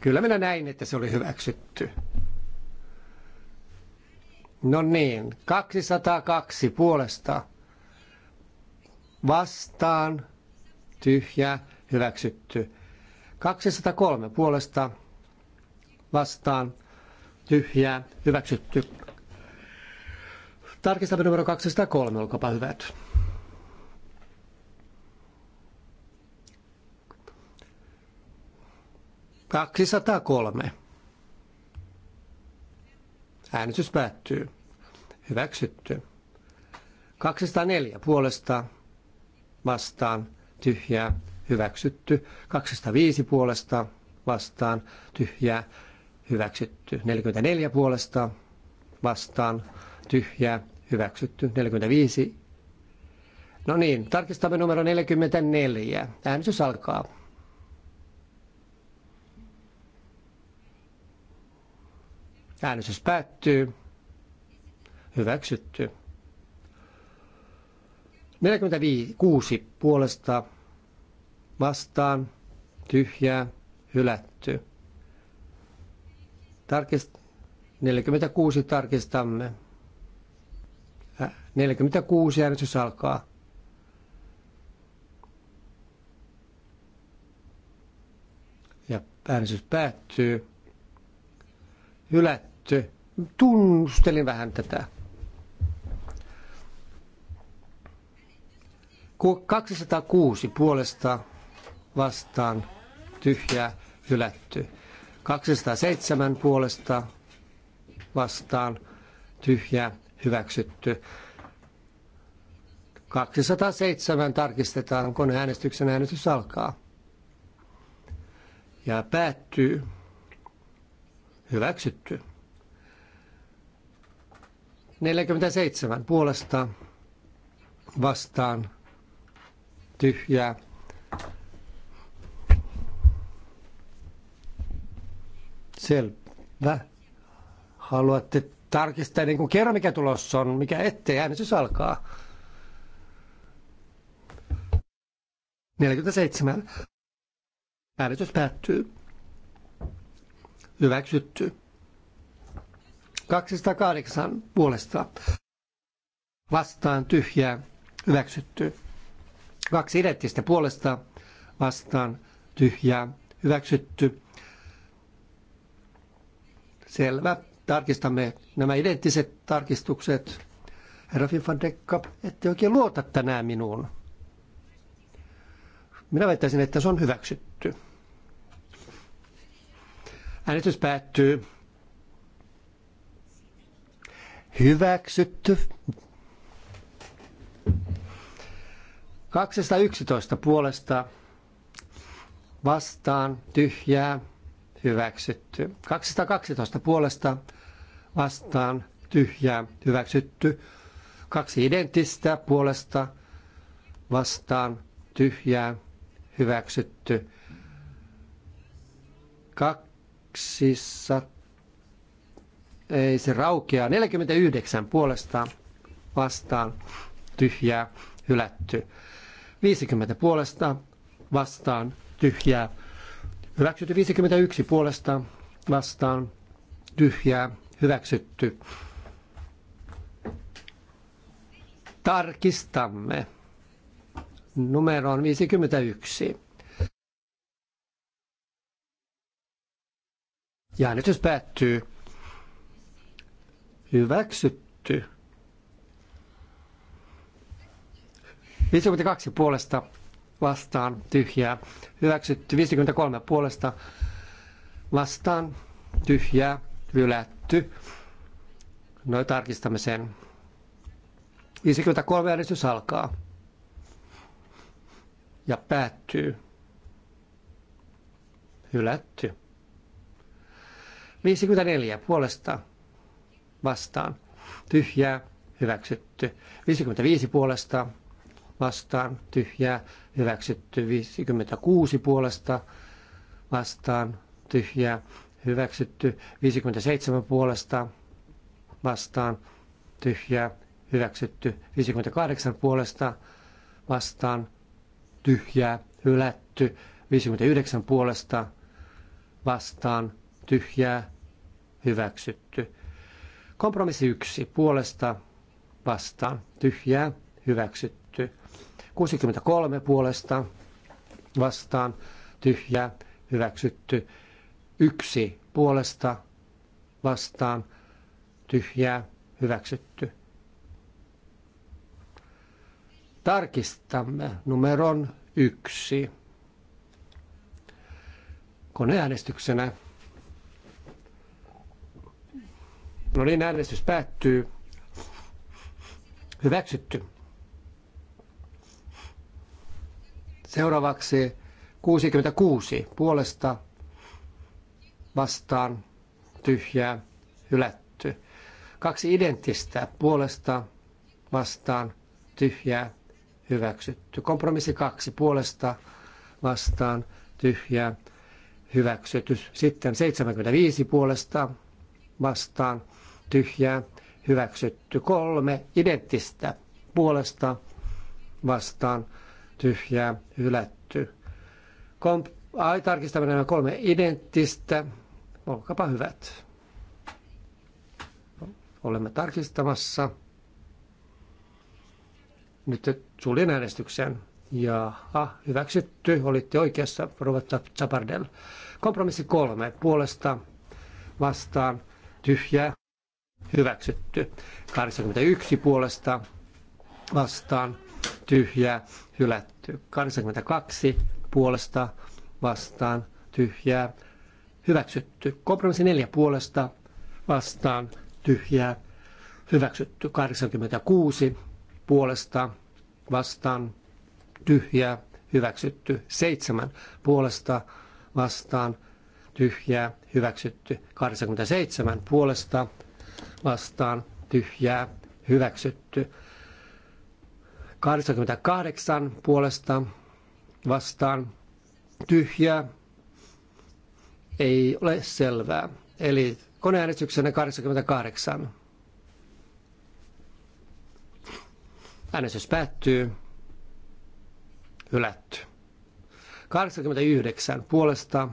Kyllä minä näin, että se oli hyväksytty. No niin, 202 puolesta. Vastaan, tyhjä, hyväksytty. 203 puolesta, vastaan, tyhjä, hyväksytty. Tarkistamme numero 203, olkaapa hyvät. 203. Äänestys päättyy. Hyväksytty. 204 puolesta vastaan tyhjää hyväksytty. 205 puolesta vastaan tyhjää hyväksytty. 44 puolesta vastaan tyhjää hyväksytty. 45. No niin, tarkistamme numero 44. Äänestys alkaa. Äänestys päättyy. Hyväksytty. 46 puolesta vastaan tyhjää hylätty. Tarkist, 46 tarkistamme. 46 äänestys alkaa. Ja äänestys päättyy. Hylätty sitten? Tunnustelin vähän tätä. 206 puolesta vastaan tyhjää hylätty. 207 puolesta vastaan tyhjää hyväksytty. 207 tarkistetaan, kun äänestyksen äänestys alkaa. Ja päättyy. Hyväksytty. 47 puolesta vastaan tyhjää. Selvä. Haluatte tarkistaa, niin kuin kerro mikä tulos on, mikä ettei äänestys alkaa. 47. Äänestys päättyy. Hyväksytty. 208 puolesta vastaan tyhjää hyväksytty. Kaksi identtistä puolesta vastaan tyhjää hyväksytty. Selvä. Tarkistamme nämä identtiset tarkistukset. Herra Fifandekka, ette oikein luota tänään minuun. Minä väittäisin, että se on hyväksytty. Äänestys päättyy hyväksytty. 211 puolesta vastaan tyhjää hyväksytty. 212 puolesta vastaan tyhjää hyväksytty. Kaksi identtistä puolesta vastaan tyhjää hyväksytty. 200 ei se raukeaa. 49 puolesta vastaan tyhjää hylätty. 50 puolesta vastaan tyhjää hyväksytty. 51 puolesta vastaan tyhjää hyväksytty. Tarkistamme. Numero on 51. Ja jos päättyy. Hyväksytty. 52 puolesta vastaan tyhjää. Hyväksytty 53 puolesta vastaan tyhjää. Hylätty. No tarkistamme sen. 53 äänestys alkaa ja päättyy. Hylätty. 54 puolesta vastaan. Tyhjää hyväksytty. 55 puolesta vastaan. Tyhjää hyväksytty. 56 puolesta vastaan. Tyhjää hyväksytty. 57 puolesta vastaan. Tyhjää hyväksytty. 58 puolesta vastaan. Tyhjää hylätty. 59 puolesta vastaan tyhjää hyväksytty. Kompromissi yksi puolesta vastaan tyhjää hyväksytty. 63 puolesta vastaan tyhjää hyväksytty. Yksi puolesta vastaan tyhjää hyväksytty. Tarkistamme numeron yksi koneäänestyksenä. No niin, äänestys päättyy. Hyväksytty. Seuraavaksi 66 puolesta vastaan tyhjää hylätty. Kaksi identtistä puolesta vastaan tyhjää hyväksytty. Kompromissi kaksi puolesta vastaan tyhjää hyväksytty. Sitten 75 puolesta vastaan tyhjää, hyväksytty. Kolme identtistä puolesta vastaan tyhjää, hylätty. Komp- Ai, tarkistamme nämä kolme identtistä. Olkapa hyvät. Olemme tarkistamassa. Nyt suljen äänestyksen. ah, hyväksytty. Olitte oikeassa, Robert Zapardel. Kompromissi kolme. Puolesta vastaan tyhjää hyväksytty. 81 puolesta vastaan tyhjää hylätty. 82 puolesta vastaan tyhjää hyväksytty. Kompromissi 4 puolesta vastaan tyhjää hyväksytty. 86 puolesta vastaan tyhjää hyväksytty. 7 puolesta vastaan tyhjää hyväksytty. 87 puolesta vastaan tyhjää hyväksytty. 88 puolesta vastaan tyhjää ei ole selvää. Eli koneäänestyksenä 88. Äänestys päättyy. Hylätty. 89 puolesta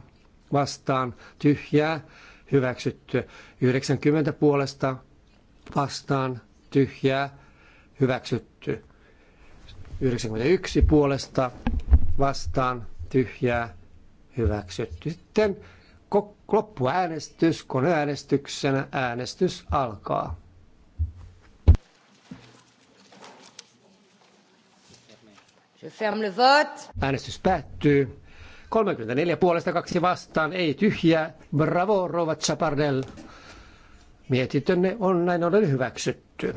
vastaan tyhjää hyväksytty. 90 puolesta vastaan tyhjää hyväksytty. 91 puolesta vastaan tyhjää hyväksytty. Sitten loppuäänestys koneäänestyksenä äänestys alkaa. Je ferme le vote. Äänestys päättyy. 34 puolesta kaksi vastaan, ei tyhjää. Bravo, Rova Chapardel. Mietitönne on näin ollen hyväksytty.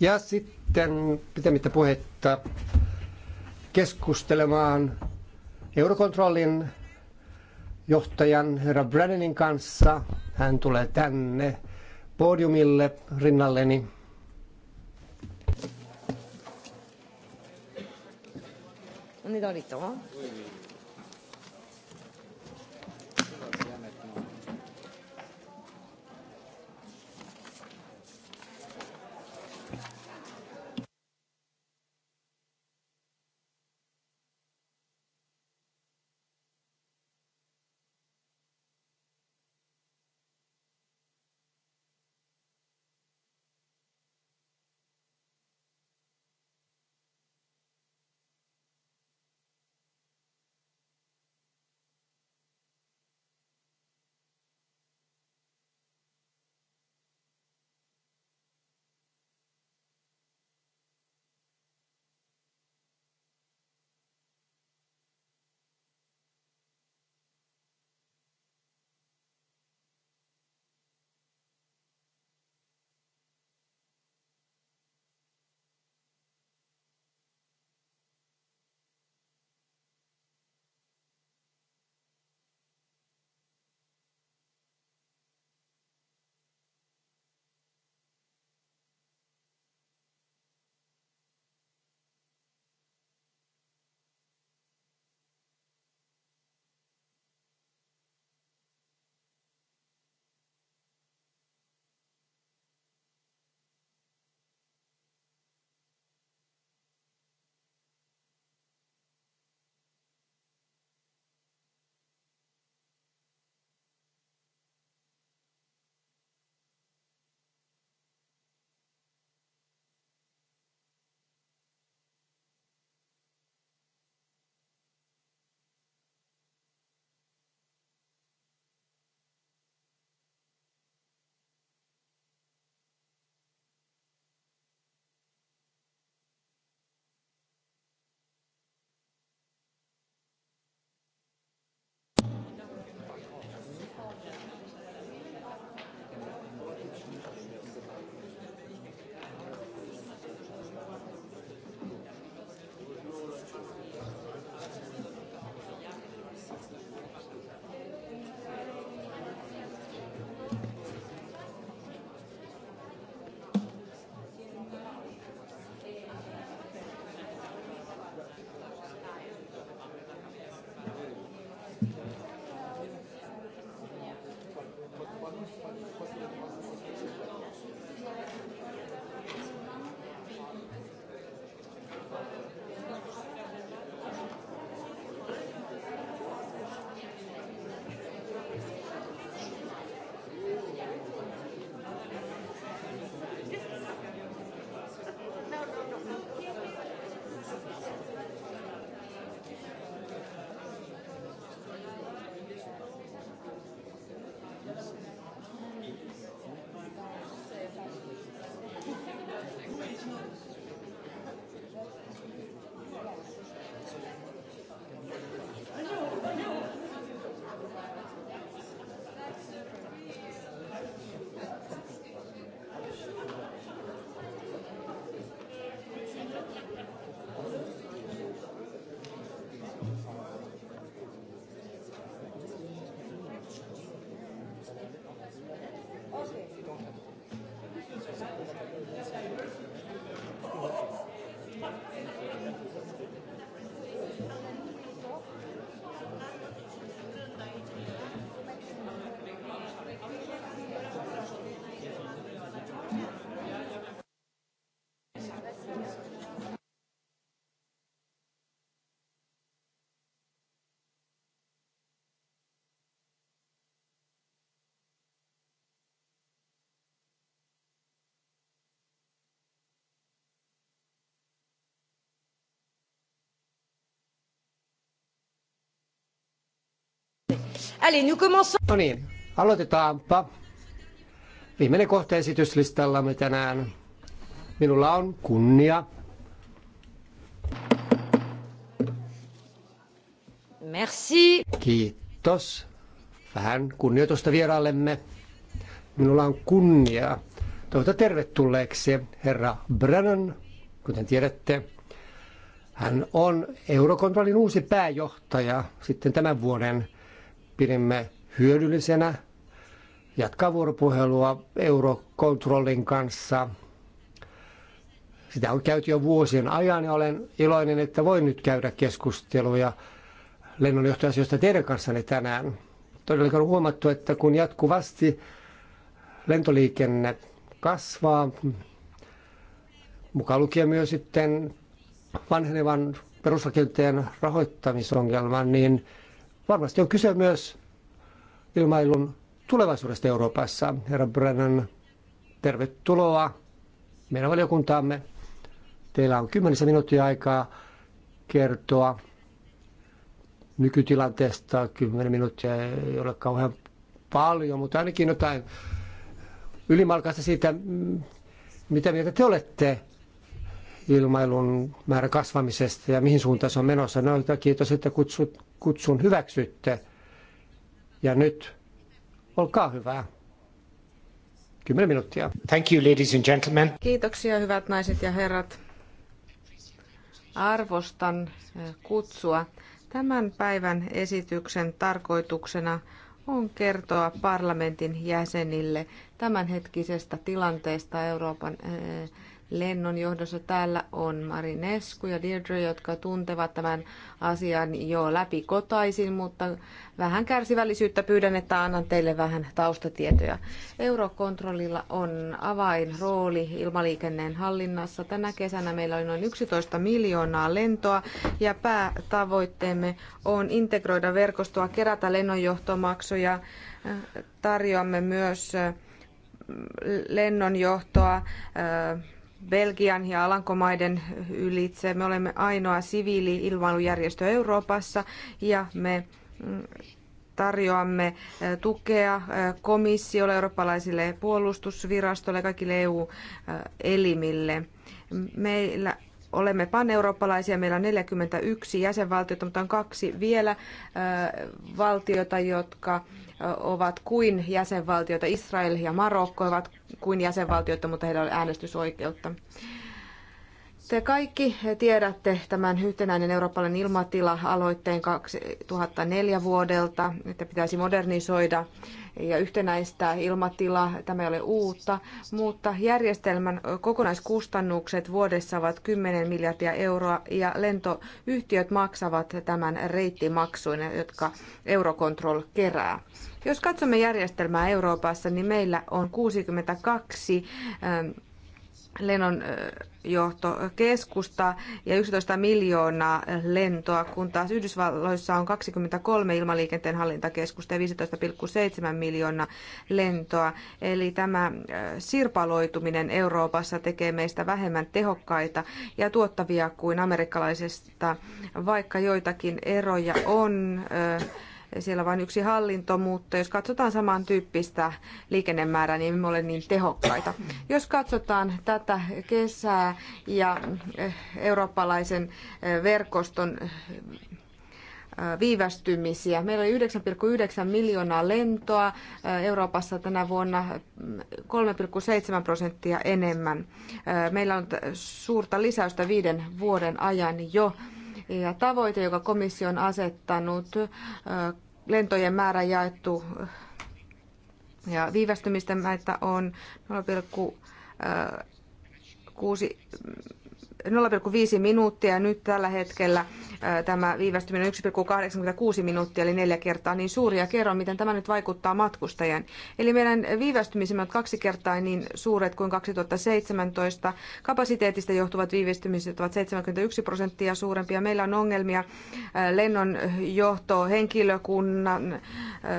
Ja sitten pitemmittä puhetta keskustelemaan Eurokontrollin johtajan herra Brannanin kanssa. Hän tulee tänne podiumille rinnalleni. On est dans les temps. Allez, nous commençons. No niin, aloitetaanpa. Viimeinen kohta esityslistallamme tänään. Minulla on kunnia. Merci. Kiitos. Vähän kunnioitusta vieraallemme. Minulla on kunnia. Toivota tervetulleeksi herra Brennan, kuten tiedätte. Hän on Eurokontrollin uusi pääjohtaja sitten tämän vuoden pidimme hyödyllisenä jatkaa vuoropuhelua Eurocontrolin kanssa. Sitä on käyty jo vuosien ajan ja olen iloinen, että voin nyt käydä keskusteluja lennonjohtoasioista teidän kanssanne tänään. Todellakin on huomattu, että kun jatkuvasti lentoliikenne kasvaa, mukaan lukien myös sitten vanhenevan perusrakenteen rahoittamisongelman, niin – Varmasti on kyse myös ilmailun tulevaisuudesta Euroopassa. Herra Brennan, tervetuloa meidän valiokuntaamme. Teillä on kymmenisen minuuttia aikaa kertoa nykytilanteesta. Kymmenen minuuttia ei ole kauhean paljon, mutta ainakin jotain ylimalkaista siitä, mitä mieltä te olette ilmailun määrän kasvamisesta ja mihin suuntaan se on menossa. No, kiitos, että kutsut, kutsun hyväksytte. Ja nyt, olkaa hyvä. kymmenen minuuttia. Thank you, ladies and gentlemen. Kiitoksia, hyvät naiset ja herrat. Arvostan eh, kutsua. Tämän päivän esityksen tarkoituksena on kertoa parlamentin jäsenille tämänhetkisestä tilanteesta Euroopan eh, lennon johdossa. Täällä on Marinescu ja Deirdre, jotka tuntevat tämän asian jo läpi kotaisin, mutta vähän kärsivällisyyttä pyydän, että annan teille vähän taustatietoja. Eurokontrollilla on avainrooli ilmaliikenneen hallinnassa. Tänä kesänä meillä oli noin 11 miljoonaa lentoa ja päätavoitteemme on integroida verkostoa, kerätä lennonjohtomaksuja. Tarjoamme myös mm, lennonjohtoa Belgian ja Alankomaiden ylitse. Me olemme ainoa siviili-ilmailujärjestö Euroopassa ja me mm, tarjoamme eh, tukea eh, komissiolle, eurooppalaisille puolustusvirastolle ja kaikille EU-elimille. Meillä olemme paneurooppalaisia, meillä on 41 jäsenvaltiota, mutta on kaksi vielä eh, valtiota, jotka ovat kuin jäsenvaltioita. Israel ja Marokko ovat kuin jäsenvaltioita, mutta heillä on äänestysoikeutta. Te kaikki tiedätte tämän yhtenäinen eurooppalainen ilmatila-aloitteen 2004 vuodelta, että pitäisi modernisoida ja yhtenäistää ilmatila. Tämä ei ole uutta, mutta järjestelmän kokonaiskustannukset vuodessa ovat 10 miljardia euroa ja lentoyhtiöt maksavat tämän reittimaksuina, jotka Eurocontrol kerää. Jos katsomme järjestelmää Euroopassa, niin meillä on 62 lennon johtokeskusta ja 11 miljoonaa lentoa, kun taas Yhdysvalloissa on 23 ilmaliikenteen hallintakeskusta ja 15,7 miljoonaa lentoa. Eli tämä sirpaloituminen Euroopassa tekee meistä vähemmän tehokkaita ja tuottavia kuin amerikkalaisesta, vaikka joitakin eroja on. Ö, siellä vain yksi hallinto, mutta jos katsotaan samantyyppistä liikennemäärää, niin emme ole niin tehokkaita. Jos katsotaan tätä kesää ja eh, eurooppalaisen eh, verkoston eh, viivästymisiä. Meillä oli 9,9 miljoonaa lentoa Euroopassa tänä vuonna, 3,7 mm, prosenttia enemmän. Meillä on suurta lisäystä viiden vuoden ajan jo. Ja tavoite, joka komissio on asettanut, lentojen määrä jaettu ja viivästymistä määrä on 0,6 0,5 minuuttia. Nyt tällä hetkellä tämä viivästyminen 1,86 minuuttia, eli neljä kertaa niin suuri. Ja kerron, miten tämä nyt vaikuttaa matkustajien. Eli meidän viivästymisemme on kaksi kertaa niin suuret kuin 2017. Kapasiteetista johtuvat viivästymiset ovat 71 prosenttia suurempia. Meillä on ongelmia lennon johto henkilökunnan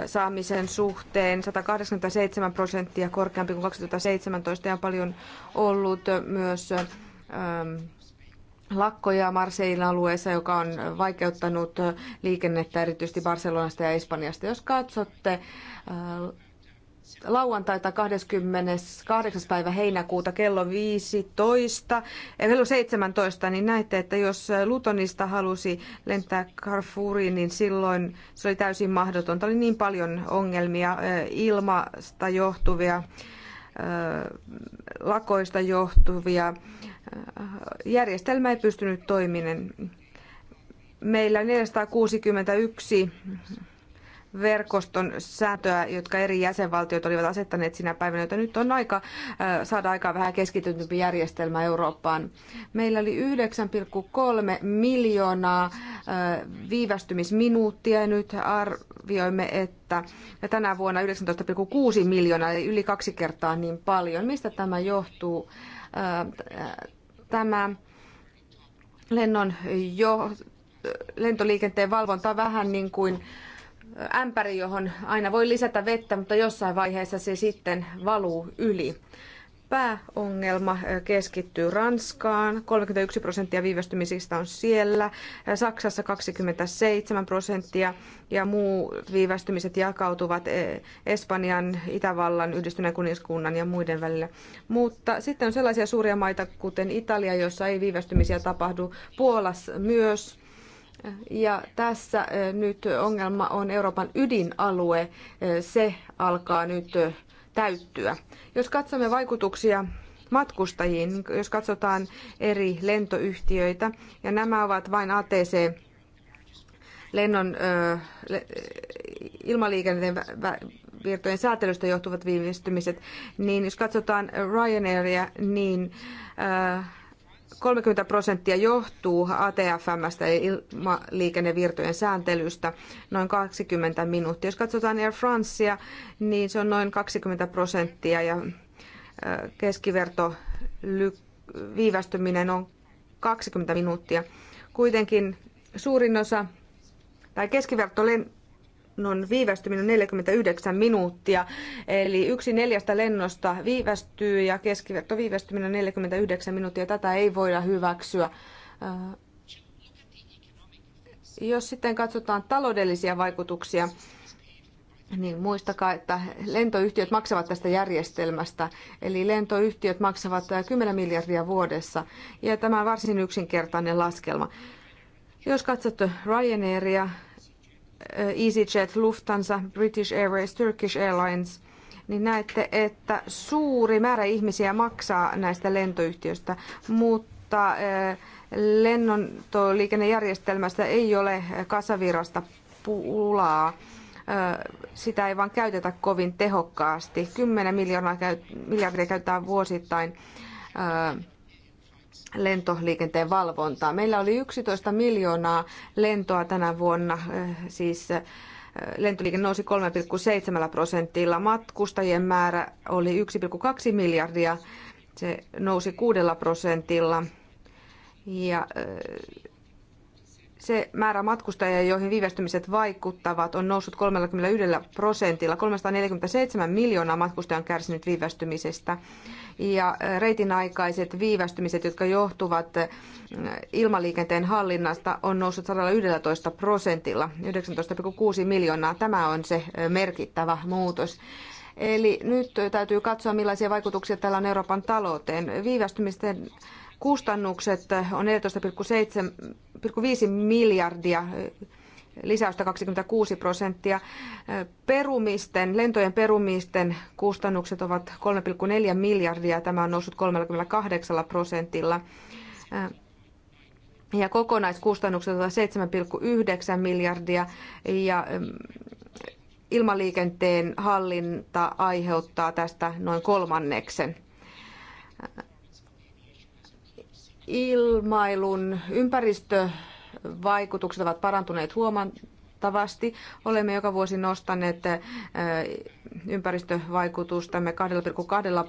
saamisen suhteen 187 prosenttia korkeampi kuin 2017 ja on paljon ollut myös Ähm, lakkoja Marseillin alueessa, joka on vaikeuttanut äh, liikennettä erityisesti Barcelonasta ja Espanjasta. Jos katsotte äh, lauantaita 28. päivä heinäkuuta kello 15, eh, kello 17, niin näette, että jos äh, Lutonista halusi lentää Carrefouriin, niin silloin se oli täysin mahdotonta. Oli niin paljon ongelmia ilmasta johtuvia, lakoista johtuvia järjestelmä ei pystynyt toiminen. Meillä 461 verkoston säätöä, jotka eri jäsenvaltiot olivat asettaneet sinä päivänä, joten nyt on aika äh, saada aika vähän keskitytympi järjestelmä Eurooppaan. Meillä oli 9,3 miljoonaa äh, viivästymisminuuttia ja nyt arvioimme, että tänä vuonna 19,6 miljoonaa, eli yli kaksi kertaa niin paljon. Mistä tämä johtuu? Äh, tämä lennon jo, lentoliikenteen valvonta on vähän niin kuin ämpäri, johon aina voi lisätä vettä, mutta jossain vaiheessa se sitten valuu yli pääongelma keskittyy Ranskaan. 31 prosenttia viivästymisistä on siellä, Saksassa 27 prosenttia ja muut viivästymiset jakautuvat Espanjan, Itävallan, Yhdistyneen kuningaskunnan ja muiden välillä. Mutta sitten on sellaisia suuria maita kuten Italia, jossa ei viivästymisiä tapahdu, Puolas myös. Ja tässä nyt ongelma on Euroopan ydinalue. Se alkaa nyt täyttyä. Jos katsomme vaikutuksia matkustajiin, niin jos katsotaan eri lentoyhtiöitä, ja nämä ovat vain ATC lennon ilmaliikenteen virtojen säätelystä johtuvat viivästymiset, niin jos katsotaan Ryanairia, niin 30 prosenttia johtuu ATFMstä ilmaliikennevirtojen sääntelystä, noin 20 minuuttia. Jos katsotaan Air Francea, niin se on noin 20 prosenttia ja keskiverto viivästyminen on 20 minuuttia. Kuitenkin suurin osa tai keskiverto lennon viivästyminen 49 minuuttia, eli yksi neljästä lennosta viivästyy ja keskiverto viivästyminen 49 minuuttia. Tätä ei voida hyväksyä. Äh, jos sitten katsotaan taloudellisia vaikutuksia, niin muistakaa, että lentoyhtiöt maksavat tästä järjestelmästä, eli lentoyhtiöt maksavat 10 miljardia vuodessa, ja tämä on varsin yksinkertainen laskelma. Jos katsotte Ryanairia, EasyJet, Lufthansa, British Airways, Turkish Airlines, niin näette, että suuri määrä ihmisiä maksaa näistä lentoyhtiöistä, mutta eh, lennonliikennejärjestelmästä ei ole kasavirasta pulaa. Eh, sitä ei vaan käytetä kovin tehokkaasti. 10 miljoonaa, miljardia käytetään vuosittain eh, lentoliikenteen valvontaa. Meillä oli 11 miljoonaa lentoa tänä vuonna, eh, siis eh, lentoliikenne nousi 3,7 prosentilla. Matkustajien määrä oli 1,2 miljardia, se nousi 6 prosentilla. Ja eh, se määrä matkustajia, joihin viivästymiset vaikuttavat, on noussut 31 prosentilla. 347 miljoonaa matkustajaa on kärsinyt viivästymisestä. Ja reitin aikaiset viivästymiset, jotka johtuvat ilmaliikenteen hallinnasta, on noussut 111 prosentilla, 19,6 miljoonaa. Tämä on se merkittävä muutos. Eli nyt täytyy katsoa, millaisia vaikutuksia tällä on Euroopan talouteen. Viivästymisten Kustannukset on 14,5 miljardia lisäystä 26 prosenttia. Perumisten, lentojen perumisten kustannukset ovat 3,4 miljardia. Tämä on noussut 38 prosentilla. Ja kokonaiskustannukset ovat 7,9 miljardia ja mm, ilmaliikenteen hallinta aiheuttaa tästä noin kolmanneksen ilmailun ympäristövaikutukset ovat parantuneet huomattavasti. Olemme joka vuosi nostaneet äh, ympäristövaikutustamme 2,2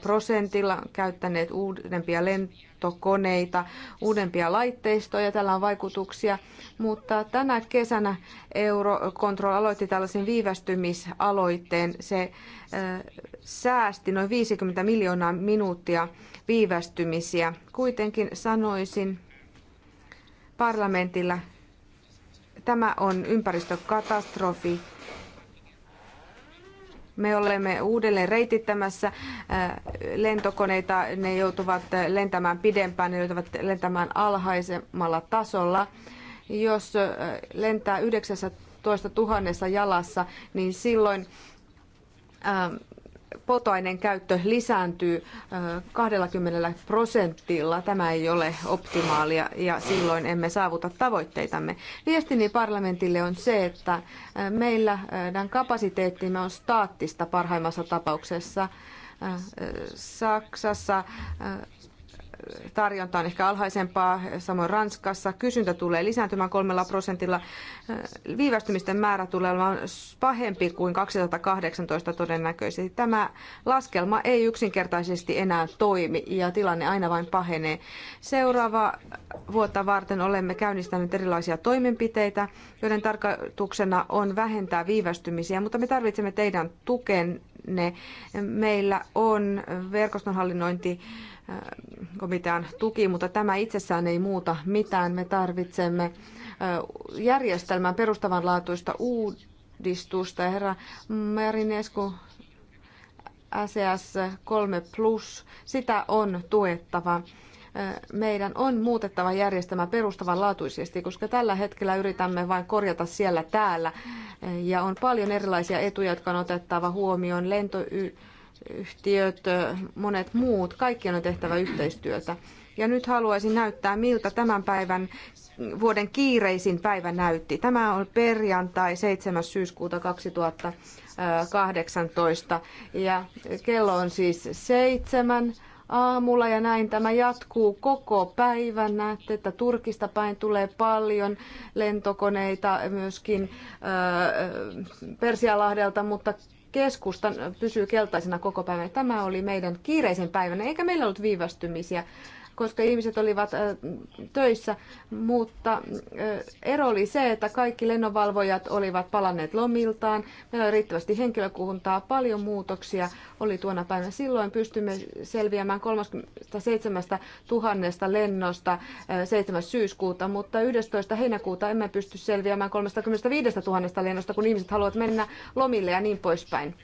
prosentilla, käyttäneet uudempia lentokoneita, uudempia laitteistoja, tällä on vaikutuksia. Mutta tänä kesänä Eurocontrol aloitti tällaisen viivästymisaloitteen. Se äh, säästi noin 50 miljoonaa minuuttia viivästymisiä. Kuitenkin sanoisin parlamentilla, tämä on ympäristökatastrofi. Me olemme uudelleen reitittämässä äh, lentokoneita, ne joutuvat lentämään pidempään, ne joutuvat lentämään alhaisemmalla tasolla. Jos äh, lentää 19 000 jalassa, niin silloin äh, polttoaineen käyttö lisääntyy 20 prosentilla. Tämä ei ole optimaalia ja silloin emme saavuta tavoitteitamme. Viestini parlamentille on se, että meillä kapasiteettimme on staattista parhaimmassa tapauksessa. Saksassa tarjonta on ehkä alhaisempaa, samoin Ranskassa. Kysyntä tulee lisääntymään kolmella prosentilla. Äh, viivästymisten määrä tulee olemaan pahempi kuin 2018 todennäköisesti. Tämä laskelma ei yksinkertaisesti enää toimi ja tilanne aina vain pahenee. Seuraava vuotta varten olemme käynnistäneet erilaisia toimenpiteitä, joiden tarkoituksena on vähentää viivästymisiä, mutta me tarvitsemme teidän tukenne. Meillä on verkostonhallinnointi Äh, komitean tuki, mutta tämä itsessään ei muuta mitään. Me tarvitsemme äh, järjestelmän perustavanlaatuista uudistusta. Herra Marinescu, SES 3 e Plus, sitä on tuettava äh, meidän on muutettava järjestelmä perustavanlaatuisesti, koska tällä hetkellä yritämme vain korjata siellä täällä. Ja on paljon erilaisia etuja, jotka on otettava huomioon. Lentoy- yhtiöt, monet muut, kaikkien on tehtävä yhteistyötä. Ja nyt haluaisin näyttää, miltä tämän päivän vuoden kiireisin päivä näytti. Tämä on perjantai 7. syyskuuta 2018 ja kello on siis seitsemän aamulla ja näin tämä jatkuu koko päivän. Näette, että Turkista päin tulee paljon lentokoneita myöskin Persialahdelta, mutta keskusta pysyy keltaisena koko päivän. Tämä oli meidän kiireisen päivänä, eikä meillä ollut viivästymisiä koska ihmiset olivat töissä, mutta ero oli se, että kaikki lennonvalvojat olivat palanneet lomiltaan, meillä oli riittävästi henkilökuntaa, paljon muutoksia oli tuona päivänä. Silloin pystymme selviämään 37 000 lennosta 7. syyskuuta, mutta 11. heinäkuuta emme pysty selviämään 35 000 lennosta, kun ihmiset haluavat mennä lomille ja niin poispäin.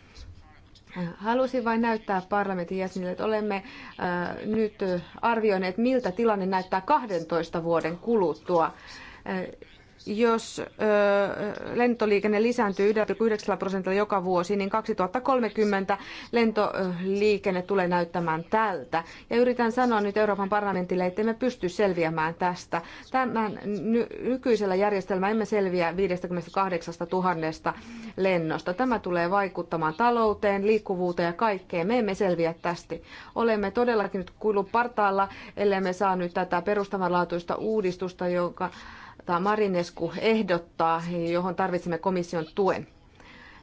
Halusin vain näyttää parlamentin jäsenille, että olemme äh, nyt arvioineet, miltä tilanne näyttää 12 vuoden kuluttua. Äh, jos lentoliikenne lisääntyy 1,9 prosentilla joka vuosi, niin 2030 lentoliikenne tulee näyttämään tältä. Ja yritän sanoa nyt Euroopan parlamentille, että emme pysty selviämään tästä. Tämän nykyisellä järjestelmällä emme selviä 58 000 lennosta. Tämä tulee vaikuttamaan talouteen, liikkuvuuteen ja kaikkeen. Me emme selviä tästä. Olemme todellakin nyt kuilu partaalla, ellei me saa nyt tätä perustavanlaatuista uudistusta, joka jota Marinesku ehdottaa, johon tarvitsemme komission tuen.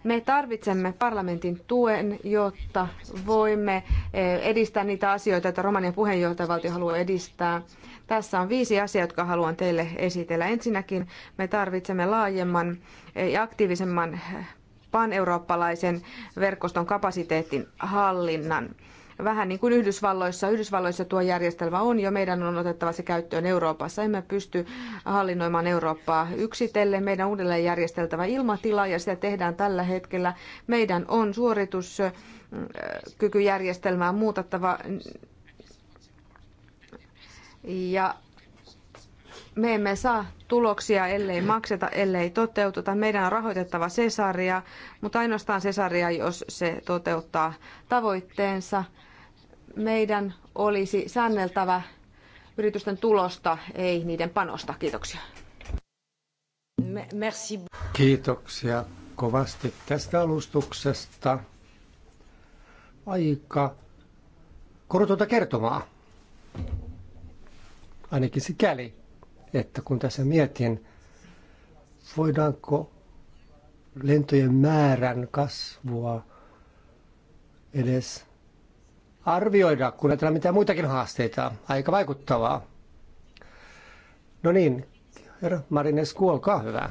Me tarvitsemme parlamentin tuen, jotta voimme eh, edistää niitä asioita, joita Romanian puheenjohtajavaltio haluaa edistää. Tässä on viisi asiaa, jotka haluan teille esitellä. Ensinnäkin me tarvitsemme laajemman eh, ja aktiivisemman eh, pan-eurooppalaisen verkoston kapasiteetin hallinnan. Vähän niin kuin Yhdysvalloissa. Yhdysvalloissa tuo järjestelmä on jo meidän on otettava se käyttöön Euroopassa. Emme pysty hallinnoimaan Eurooppaa yksitellen. Meidän uudelleen järjesteltävä ilmatila ja sitä tehdään tällä hetkellä. Meidän on suorituskykyjärjestelmää muutettava ja me emme saa tuloksia, ellei makseta, ellei toteuteta. Meidän on rahoitettava Cesaria, mutta ainoastaan Cesaria, jos se toteuttaa tavoitteensa. Meidän olisi säänneltävä yritysten tulosta, ei niiden panosta. Kiitoksia. Merci. Kiitoksia kovasti tästä alustuksesta. Aika korotonta kertomaa, ainakin sikäli että kun tässä mietin, voidaanko lentojen määrän kasvua edes arvioida, kun ajatellaan mitä muitakin haasteita. Aika vaikuttavaa. No niin, herra Marines, olkaa hyvä.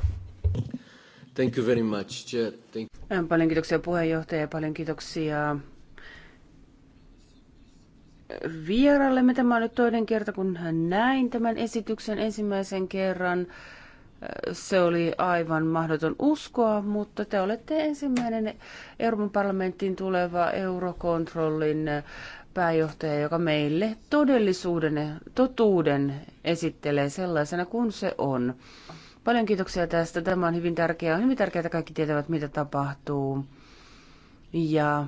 Thank you very much, Chair. Thank you. Paljon kiitoksia puheenjohtaja ja paljon kiitoksia vieraillemme. Tämä on nyt toinen kerta, kun hän näin tämän esityksen ensimmäisen kerran. Se oli aivan mahdoton uskoa, mutta te olette ensimmäinen Euroopan parlamenttiin tuleva Eurokontrollin pääjohtaja, joka meille todellisuuden ja totuuden esittelee sellaisena kuin se on. Paljon kiitoksia tästä. Tämä on hyvin tärkeää. On hyvin tärkeää, että kaikki tietävät, mitä tapahtuu. Ja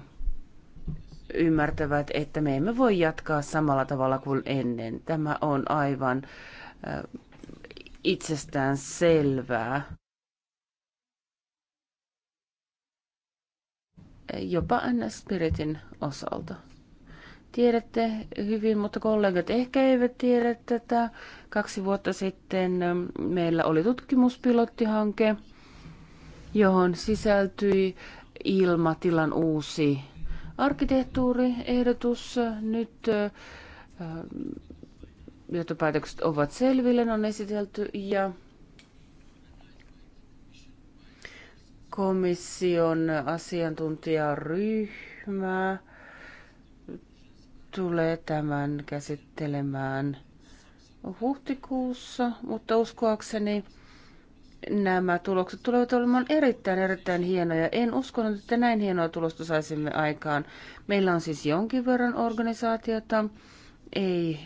ymmärtävät, että me emme voi jatkaa samalla tavalla kuin ennen. Tämä on aivan itsestään selvää. Jopa Anna Spiritin osalta. Tiedätte hyvin, mutta kollegat ehkä eivät tiedä tätä. Kaksi vuotta sitten meillä oli tutkimuspilottihanke, johon sisältyi ilmatilan uusi Arkkitehtuuriehdotus nyt johtopäätökset ovat selville, ne on esitelty ja komission asiantuntijaryhmä tulee tämän käsittelemään huhtikuussa, mutta uskoakseni nämä tulokset tulevat olemaan erittäin, erittäin hienoja. En uskonut, että näin hienoa tulosta saisimme aikaan. Meillä on siis jonkin verran organisaatiota, ei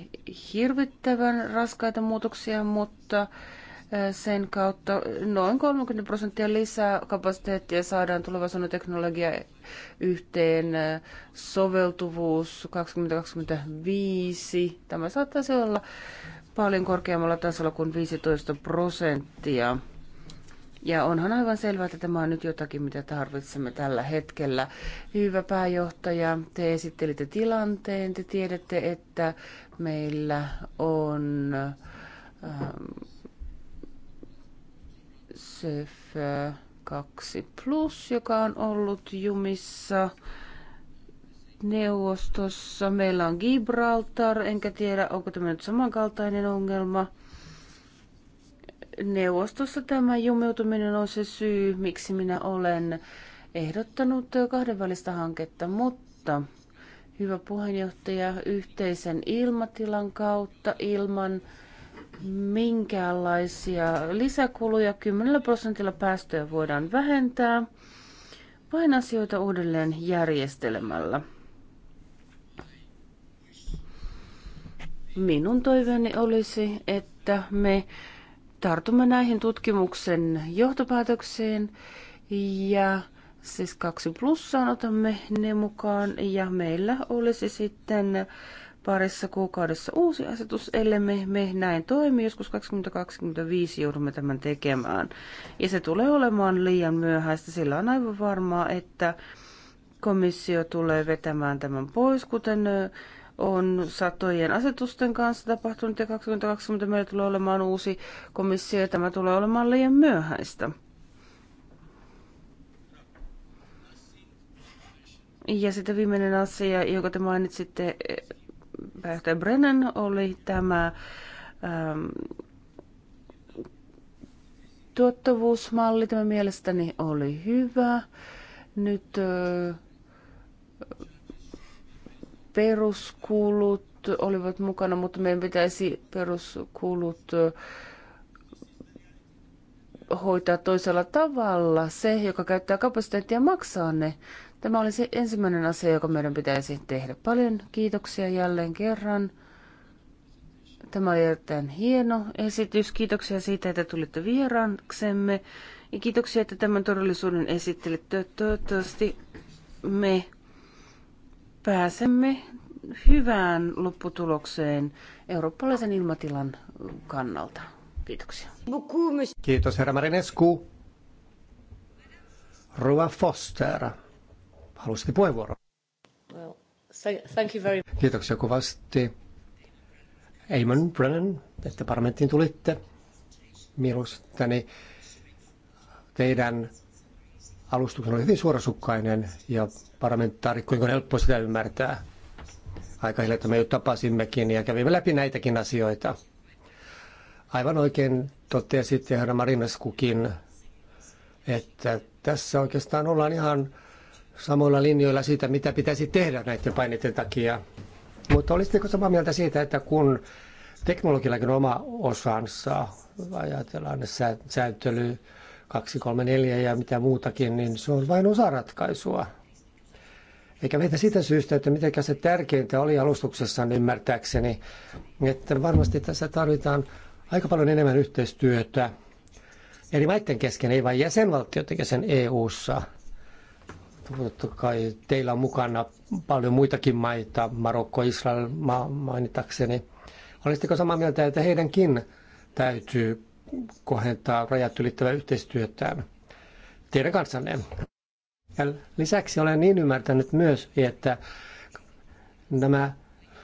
hirvittävän raskaita muutoksia, mutta sen kautta noin 30 prosenttia lisää kapasiteettia saadaan tulevaisuuden teknologia yhteen, soveltuvuus 2025. Tämä saattaisi olla paljon korkeammalla tasolla kuin 15 prosenttia. Ja onhan aivan selvää, että tämä on nyt jotakin, mitä tarvitsemme tällä hetkellä. Hyvä pääjohtaja, te esittelitte tilanteen, te tiedätte, että meillä on ähm, SEF 2 Plus, joka on ollut jumissa neuvostossa. Meillä on Gibraltar, enkä tiedä, onko tämä nyt samankaltainen ongelma neuvostossa tämä jumiutuminen on se syy, miksi minä olen ehdottanut kahdenvälistä hanketta, mutta hyvä puheenjohtaja, yhteisen ilmatilan kautta ilman minkäänlaisia lisäkuluja 10 prosentilla päästöjä voidaan vähentää vain asioita uudelleen järjestelemällä. Minun toiveeni olisi, että me tartumme näihin tutkimuksen johtopäätökseen ja siis kaksi plussaan otamme ne mukaan ja meillä olisi sitten parissa kuukaudessa uusi asetus, me, me näin toimi. Joskus 2025 joudumme tämän tekemään. Ja se tulee olemaan liian myöhäistä. Sillä on aivan varmaa, että komissio tulee vetämään tämän pois, kuten on satojen asetusten kanssa tapahtunut ja 2020 meillä tulee olemaan uusi komissio ja tämä tulee olemaan liian myöhäistä. Ja sitten viimeinen asia, jonka te mainitsitte, pääjohtaja Brennan, oli tämä ähm, tuottavuusmalli. Tämä mielestäni oli hyvä. Nyt äh, peruskulut olivat mukana, mutta meidän pitäisi peruskulut hoitaa toisella tavalla. Se, joka käyttää kapasiteettia, maksaa ne. Tämä oli se ensimmäinen asia, joka meidän pitäisi tehdä. Paljon kiitoksia jälleen kerran. Tämä oli erittäin hieno esitys. Kiitoksia siitä, että tulitte vieraksemme. Ja kiitoksia, että tämän todellisuuden esittelitte. Toivottavasti me pääsemme hyvään lopputulokseen eurooppalaisen ilmatilan kannalta. Kiitoksia. Kiitos herra Marinescu. Rua Foster, Haluaisitte puheenvuoro. Well, thank you very... Kiitoksia kovasti. Eamon Brennan, että parlamenttiin tulitte. Mielestäni teidän alustuksen oli hyvin suorasukkainen ja parlamentaarikkojen on helppo sitä ymmärtää. Aika hiljattain me jo tapasimmekin ja kävimme läpi näitäkin asioita. Aivan oikein totesitte, herra Marinaskukin, että tässä oikeastaan ollaan ihan samoilla linjoilla siitä, mitä pitäisi tehdä näiden paineiden takia. Mutta olisitteko samaa mieltä siitä, että kun teknologiallakin on oma osansa, ajatellaan sääntely, 2, 3, 4 ja mitä muutakin, niin se on vain osa ratkaisua. Eikä meitä sitä syystä, että mitenkä se tärkeintä oli alustuksessa ymmärtääkseni, että varmasti tässä tarvitaan aika paljon enemmän yhteistyötä eri maiden kesken, ei vain jäsenvaltioiden kesken EU-ssa. Totta kai teillä on mukana paljon muitakin maita, Marokko, Israel mainitakseni. Olisitteko samaa mieltä, että heidänkin täytyy kohentaa rajat ylittävää yhteistyötään teidän kanssanne. Ja lisäksi olen niin ymmärtänyt myös, että nämä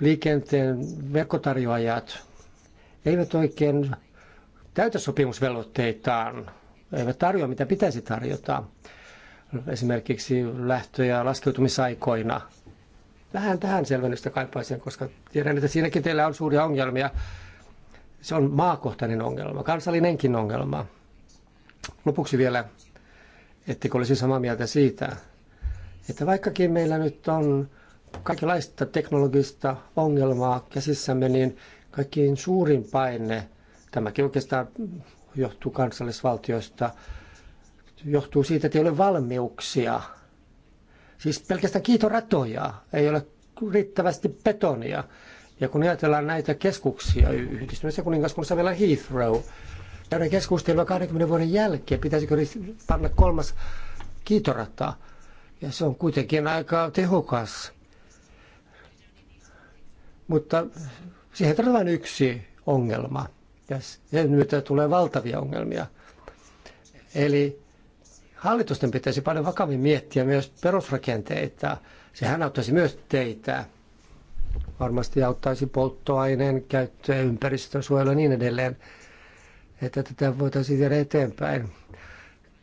liikenteen verkkotarjoajat eivät oikein täytä sopimusvelvoitteitaan, eivät tarjoa mitä pitäisi tarjota, esimerkiksi lähtö- ja laskeutumisaikoina. Vähän tähän selvennystä kaipaisin, koska tiedän, että siinäkin teillä on suuria ongelmia se on maakohtainen ongelma, kansallinenkin ongelma. Lopuksi vielä, ettekö olisi samaa mieltä siitä, että vaikkakin meillä nyt on kaikenlaista teknologista ongelmaa käsissämme, niin kaikkiin suurin paine, tämäkin oikeastaan johtuu kansallisvaltioista, johtuu siitä, että ei ole valmiuksia. Siis pelkästään kiitoratoja, ei ole riittävästi betonia. Ja kun ajatellaan näitä keskuksia yhdistyneessä kuningaskunnassa vielä Heathrow, käydään keskustelua 20 vuoden jälkeen, pitäisikö panna kolmas kiitorata. Ja se on kuitenkin aika tehokas. Mutta siihen tarvitaan yksi ongelma. Ja sen myötä tulee valtavia ongelmia. Eli hallitusten pitäisi paljon vakavin miettiä myös perusrakenteita. Sehän auttaisi myös teitä varmasti auttaisi polttoaineen käyttöä, ympäristösuojelua ja niin edelleen, että tätä voitaisiin viedä eteenpäin.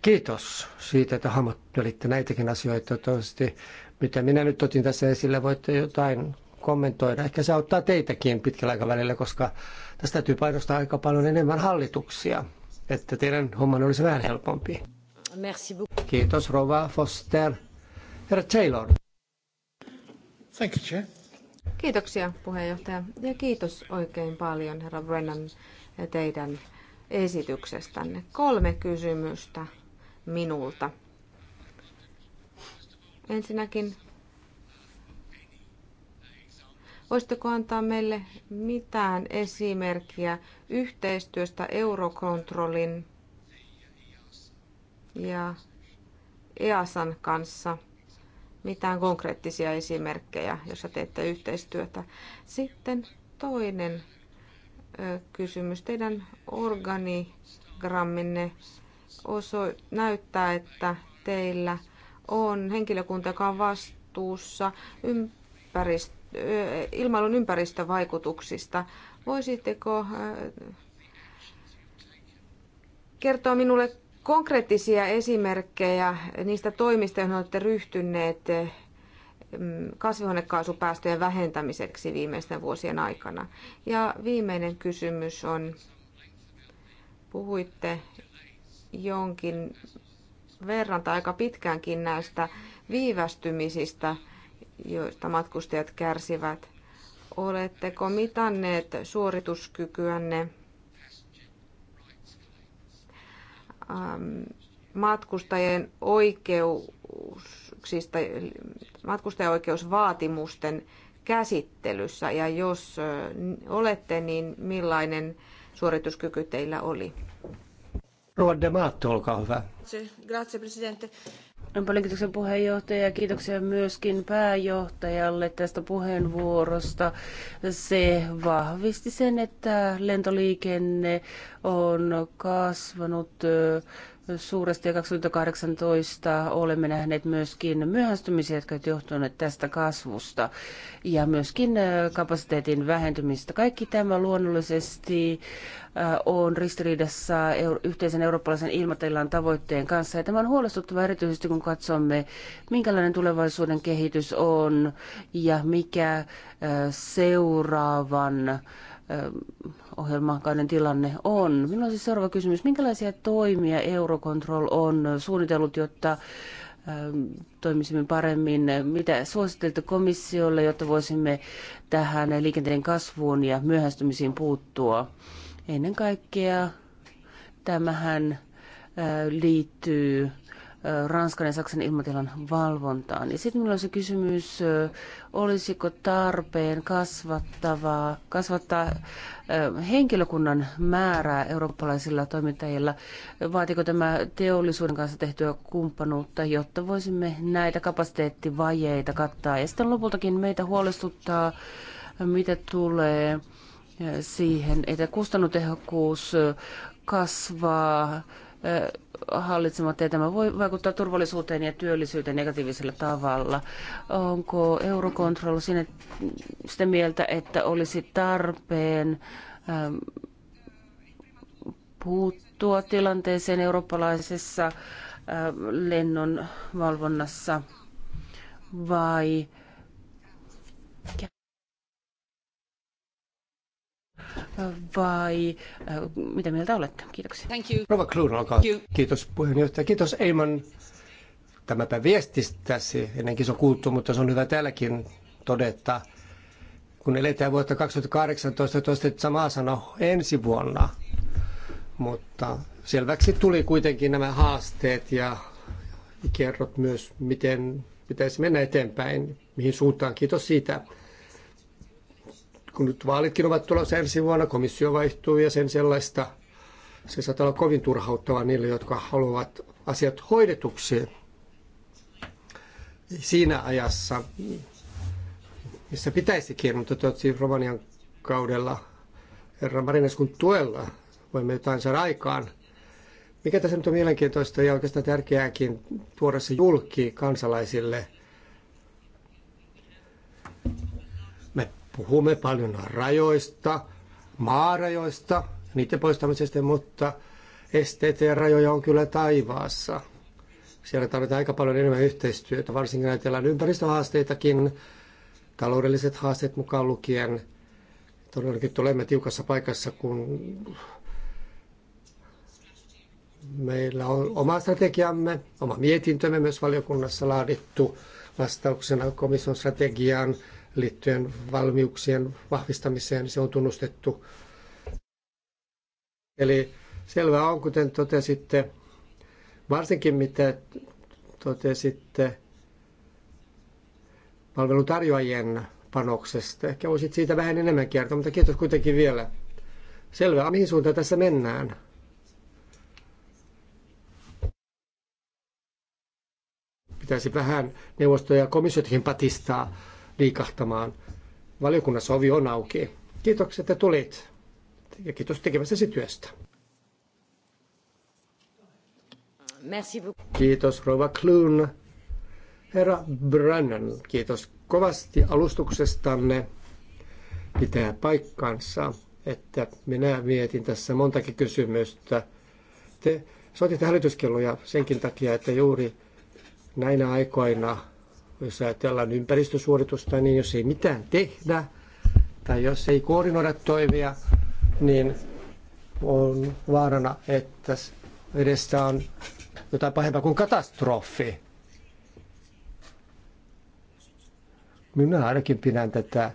Kiitos siitä, että olitte näitäkin asioita. Toivottavasti, mitä minä nyt otin tässä esille, voitte jotain kommentoida. Ehkä se auttaa teitäkin pitkällä aikavälillä, koska tästä täytyy painostaa aika paljon enemmän hallituksia, että teidän homman olisi vähän helpompi. Merci Kiitos, Rova Foster. Herra Taylor. Thank you, Chair. Kiitoksia puheenjohtaja ja kiitos oikein paljon herra Brennan teidän esityksestänne. Kolme kysymystä minulta. Ensinnäkin, voisitteko antaa meille mitään esimerkkiä yhteistyöstä Eurokontrollin ja EASan kanssa – mitään konkreettisia esimerkkejä, jossa teette yhteistyötä. Sitten toinen kysymys. Teidän organigramminne oso- näyttää, että teillä on henkilökunta, joka on vastuussa ympäristö, ilmailun ympäristövaikutuksista. Voisitteko kertoa minulle, konkreettisia esimerkkejä niistä toimista, joihin olette ryhtyneet eh, mm, kasvihuonekaasupäästöjen vähentämiseksi viimeisten vuosien aikana? Ja viimeinen kysymys on, puhuitte jonkin verran tai aika pitkäänkin näistä viivästymisistä, joista matkustajat kärsivät. Oletteko mitanneet suorituskykyänne Ähm, matkustajien oikeuksista, matkustajaoikeusvaatimusten käsittelyssä ja jos olette, niin millainen suorituskyky teillä oli? Ruodemaatto, olkaa hyvä. Grazie, presidente. Paljon kiitoksia puheenjohtaja ja kiitoksia myöskin pääjohtajalle tästä puheenvuorosta. Se vahvisti sen, että lentoliikenne on kasvanut suuresti ja 2018 olemme nähneet myöskin myöhästymisiä, jotka ovat johtuneet tästä kasvusta ja myöskin äh, kapasiteetin vähentymistä. Kaikki tämä luonnollisesti äh, on ristiriidassa yhteisen eurooppalaisen ilmatilan tavoitteen kanssa. Ja tämä on huolestuttava erityisesti, kun katsomme, minkälainen tulevaisuuden kehitys on ja mikä äh, seuraavan ohjelmakauden tilanne on. Minulla on siis seuraava kysymys. Minkälaisia toimia Eurocontrol on suunnitellut, jotta ähm, toimisimme paremmin. Mitä suosittelitte komissiolle, jotta voisimme tähän liikenteen kasvuun ja myöhästymisiin puuttua? Ennen kaikkea tämähän äh, liittyy Ranskan ja Saksan ilmatilan valvontaan. Ja sitten minulla on se kysymys, olisiko tarpeen kasvattavaa, kasvattaa henkilökunnan määrää eurooppalaisilla toimittajilla? Vaatiko tämä teollisuuden kanssa tehtyä kumppanuutta, jotta voisimme näitä kapasiteettivajeita kattaa? Ja sitten lopultakin meitä huolestuttaa, mitä tulee siihen, että kustannutehokkuus kasvaa Hallitsema ja tämä voi vaikuttaa turvallisuuteen ja työllisyyteen negatiivisella tavalla. Onko Eurocontrol sinne sitä mieltä, että olisi tarpeen ähm, puuttua tilanteeseen eurooppalaisessa ähm, lennon valvonnassa vai vai äh, mitä mieltä olette? Kiitoksia. Thank you. Rova Kluun, olkaa. Kiitos puheenjohtaja. Kiitos Eiman tämäpä viestistäsi. Ennenkin se on kuultu, mutta se on hyvä täälläkin todeta. Kun eletään vuotta 2018, toista samaa sanoa ensi vuonna. Mutta selväksi tuli kuitenkin nämä haasteet ja kerrot myös, miten pitäisi mennä eteenpäin, mihin suuntaan. Kiitos siitä kun nyt vaalitkin ovat tulossa ensi vuonna, komissio vaihtuu ja sen sellaista, se saattaa olla kovin turhauttava niille, jotka haluavat asiat hoidetuksi siinä ajassa, missä pitäisikin, mutta toivottavasti Romanian kaudella herra Marineskun tuella voimme jotain saada aikaan. Mikä tässä nyt on mielenkiintoista ja oikeastaan tärkeääkin tuoda se julki kansalaisille, Puhumme paljon rajoista, maarajoista, niiden poistamisesta, mutta esteitä ja rajoja on kyllä taivaassa. Siellä tarvitaan aika paljon enemmän yhteistyötä, varsinkin ajatellaan ympäristöhaasteitakin, taloudelliset haasteet mukaan lukien. Todellakin olemme tiukassa paikassa, kun meillä on oma strategiamme, oma mietintömme myös valiokunnassa laadittu vastauksena komission strategiaan liittyen valmiuksien vahvistamiseen, se on tunnustettu. Eli selvä on, kuten totesitte, varsinkin mitä totesitte palveluntarjoajien panoksesta. Ehkä voisit siitä vähän enemmän kertoa, mutta kiitos kuitenkin vielä. Selvä, mihin suuntaan tässä mennään? Pitäisi vähän neuvostoja ja komissiotkin patistaa liikahtamaan. Valiokunnassa ovi on auki. Kiitoksia, että tulit ja kiitos tekemästäsi työstä. Merci kiitos Rova Kluun. Herra Brennan, kiitos kovasti alustuksestanne. Pitää paikkansa, että minä mietin tässä montakin kysymystä. Te soititte hälytyskelloja senkin takia, että juuri näinä aikoina jos ajatellaan ympäristösuoritusta, niin jos ei mitään tehdä tai jos ei koordinoida toimia, niin on vaarana, että edessä on jotain pahempaa kuin katastrofi. Minä ainakin pidän tätä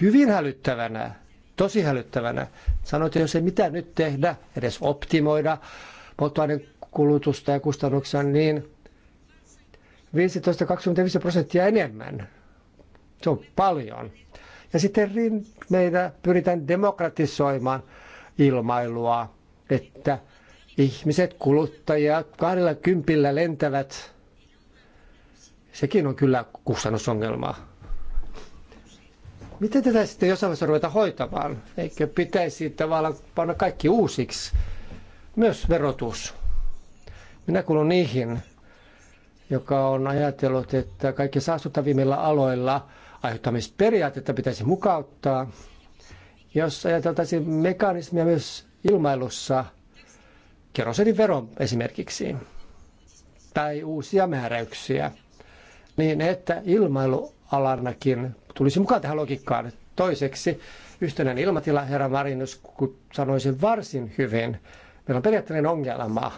hyvin hälyttävänä, tosi hälyttävänä. Sanoit, että jos ei mitään nyt tehdä, edes optimoida polttoaineen kulutusta ja kustannuksia, niin 15-25 prosenttia enemmän. Se on paljon. Ja sitten meitä pyritään demokratisoimaan ilmailua, että ihmiset, kuluttajat, kahdella kympillä lentävät. Sekin on kyllä kustannusongelma. Miten tätä sitten jossain vaiheessa ruveta hoitamaan? Eikö pitäisi tavallaan panna kaikki uusiksi? Myös verotus. Minä kuulun niihin, joka on ajatellut, että kaikki saastuttavimmilla aloilla aiheuttamisperiaatetta pitäisi mukauttaa. Jos ajateltaisiin mekanismia myös ilmailussa, kerosenin vero esimerkiksi, tai uusia määräyksiä, niin että ilmailualannakin tulisi mukaan tähän logiikkaan. Toiseksi yhtenäinen ilmatila, herra Marinus, kun sanoisin varsin hyvin, meillä on periaatteellinen ongelma.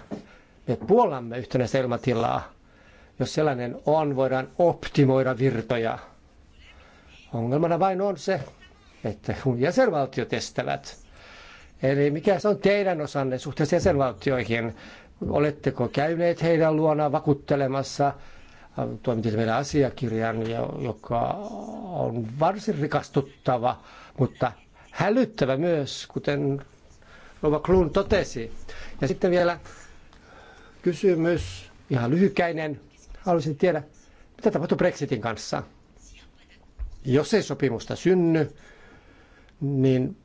Me puolamme yhtenäistä ilmatilaa, jos sellainen on, voidaan optimoida virtoja. Ongelmana vain on se, että kun jäsenvaltiot estävät. Eli mikä se on teidän osanne suhteessa jäsenvaltioihin? Oletteko käyneet heidän luonaan vakuuttelemassa Toimitit meidän asiakirjan, joka on varsin rikastuttava, mutta hälyttävä myös, kuten Rova Klun totesi. Ja sitten vielä kysymys, ihan lyhykäinen. Haluaisin tiedä, mitä tapahtuu Brexitin kanssa. Jos ei sopimusta synny, niin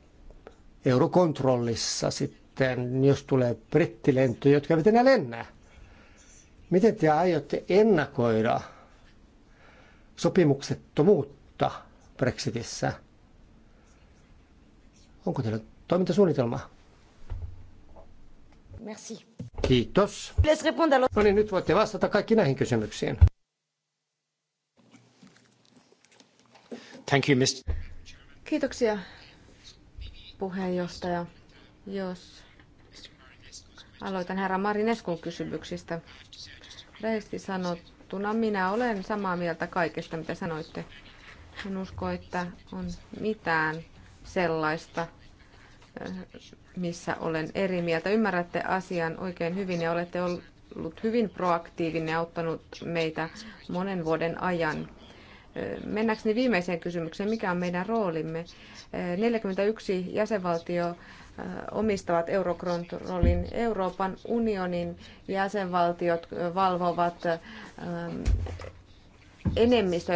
eurokontrollissa sitten, jos tulee brittilentoja, jotka eivät enää lennää. Miten te aiotte ennakoida sopimuksettomuutta Brexitissä? Onko teillä toimintasuunnitelma? Merci. Kiitos. No niin, nyt voitte vastata kaikki näihin kysymyksiin. Thank you, Mr. Kiitoksia, puheenjohtaja. Jos aloitan herra Marineskun kysymyksistä. Rehellisesti sanottuna minä olen samaa mieltä kaikesta, mitä sanoitte. En usko, että on mitään sellaista missä olen eri mieltä. Ymmärrätte asian oikein hyvin ja olette ollut hyvin proaktiivinen ja auttanut meitä monen vuoden ajan. Mennäkseni viimeiseen kysymykseen, mikä on meidän roolimme? 41 jäsenvaltio omistavat Eurokontrollin. Euroopan unionin jäsenvaltiot valvovat enemmistö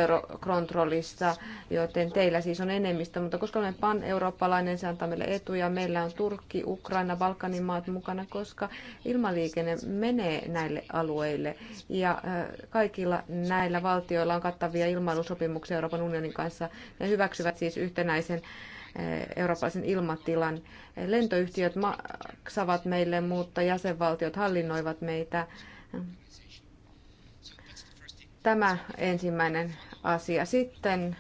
joten teillä siis on enemmistö, mutta koska olen pan-eurooppalainen, se antaa meille etuja. Meillä on Turkki, Ukraina, Balkanin maat mukana, koska ilmaliikenne menee näille alueille ja kaikilla näillä valtioilla on kattavia ilmailusopimuksia Euroopan unionin kanssa. Ne hyväksyvät siis yhtenäisen eurooppalaisen ilmatilan. Lentoyhtiöt maksavat meille, mutta jäsenvaltiot hallinnoivat meitä Tämä ensimmäinen asia. Sitten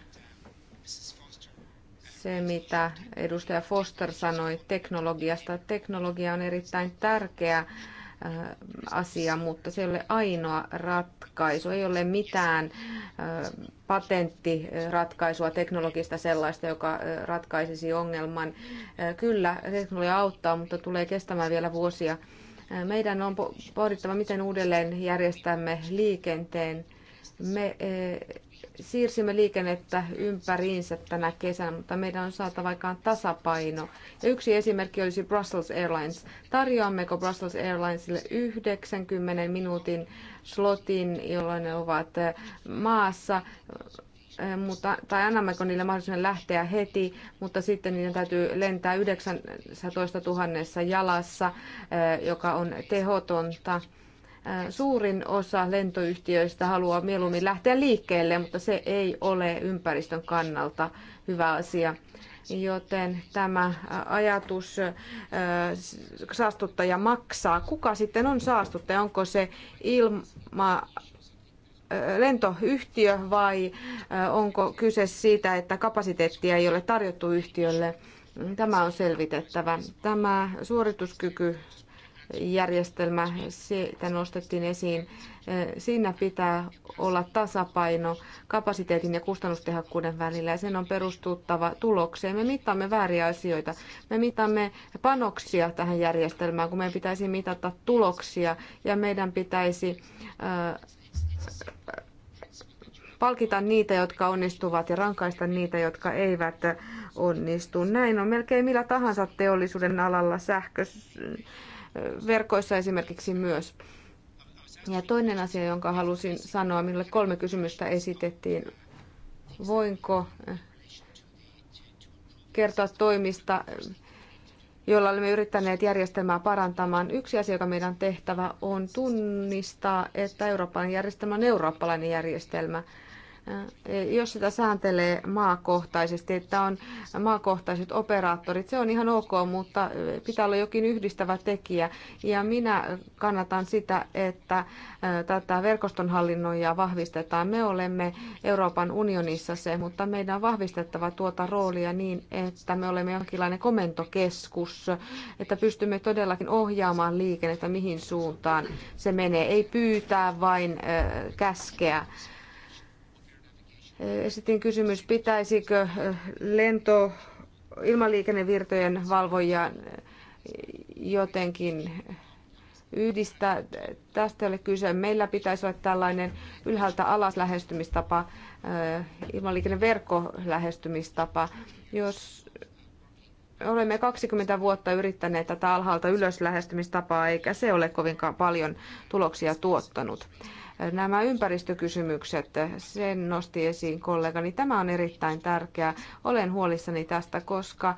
se, mitä edustaja Foster sanoi teknologiasta. Teknologia on erittäin tärkeä äh, asia, mutta se ei ole ainoa ratkaisu. Ei ole mitään äh, patenttiratkaisua teknologista sellaista, joka äh, ratkaisisi ongelman. Kyllä, teknologia auttaa, mutta tulee kestämään vielä vuosia. Meidän on pohdittava, miten uudelleen järjestämme liikenteen me eh, siirsimme liikennettä ympäriinsä tänä kesänä, mutta meidän on saatava aikaan tasapaino. Ja yksi esimerkki olisi Brussels Airlines. Tarjoammeko Brussels Airlinesille 90 minuutin slotin, jolloin ne ovat eh, maassa, eh, mutta, tai annammeko niille mahdollisuuden lähteä heti, mutta sitten niiden täytyy lentää 19 000 jalassa, joka on tehotonta Äh, suurin osa lentoyhtiöistä haluaa mieluummin lähteä liikkeelle, mutta se ei ole ympäristön kannalta hyvä asia. Joten tämä äh, ajatus äh, saastuttaja maksaa. Kuka sitten on saastuttaja? Onko se ilma, lentoyhtiö vai onko kyse siitä, että kapasiteettia ei ole tarjottu yhtiölle? Tämä on selvitettävä. Tämä suorituskyky järjestelmä, sitä nostettiin esiin. Siinä pitää olla tasapaino kapasiteetin ja kustannustehokkuuden välillä ja sen on perustuttava tulokseen. Me mittaamme vääriä asioita. Me mitaamme panoksia tähän järjestelmään, kun meidän pitäisi mitata tuloksia ja meidän pitäisi äh, palkita niitä, jotka onnistuvat ja rankaista niitä, jotka eivät onnistu. Näin on melkein millä tahansa teollisuuden alalla sähkö verkoissa esimerkiksi myös. Ja toinen asia, jonka halusin sanoa, minulle kolme kysymystä esitettiin. Voinko kertoa toimista, joilla olemme yrittäneet järjestelmää parantamaan. Yksi asia, joka meidän tehtävä on tunnistaa, että Euroopan järjestelmä on eurooppalainen järjestelmä. Äh, jos sitä sääntelee maakohtaisesti, että on maakohtaiset operaattorit, se on ihan ok, mutta äh, pitää olla jokin yhdistävä tekijä. Ja minä kannatan sitä, että äh, tätä verkostonhallinnoja vahvistetaan. Me olemme Euroopan unionissa se, mutta meidän on vahvistettava tuota roolia niin, että me olemme jonkinlainen komentokeskus, että pystymme todellakin ohjaamaan liikennettä mihin suuntaan se menee. Ei pyytää vain käskeä. Esitin kysymys, pitäisikö lento ilmaliikennevirtojen valvojia jotenkin yhdistää. Tästä ei ole kyse. Meillä pitäisi olla tällainen ylhäältä alas lähestymistapa, ilmaliikenneverkko lähestymistapa. Jos olemme 20 vuotta yrittäneet tätä alhaalta ylös lähestymistapaa, eikä se ole kovinkaan paljon tuloksia tuottanut. Nämä ympäristökysymykset, sen nosti esiin kollegani. Tämä on erittäin tärkeää. Olen huolissani tästä, koska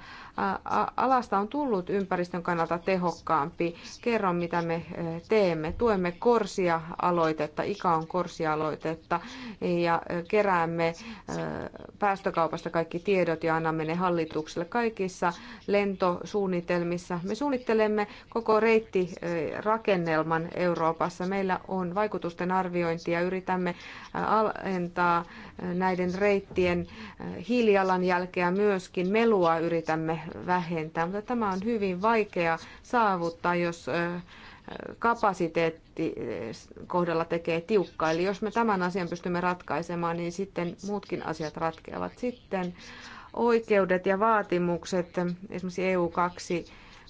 alasta on tullut ympäristön kannalta tehokkaampi. Kerron, mitä me teemme. Tuemme Korsia-aloitetta, on Korsia-aloitetta ja keräämme päästökaupasta kaikki tiedot ja annamme ne hallitukselle kaikissa lentosuunnitelmissa. Me suunnittelemme koko reittirakennelman Euroopassa. Meillä on vaikutusten arviointi arviointia. Yritämme alentaa näiden reittien hiilijalanjälkeä myöskin. Melua yritämme vähentää, mutta tämä on hyvin vaikea saavuttaa, jos kapasiteetti kohdalla tekee tiukkaa. Eli jos me tämän asian pystymme ratkaisemaan, niin sitten muutkin asiat ratkeavat. Sitten oikeudet ja vaatimukset, esimerkiksi EU 2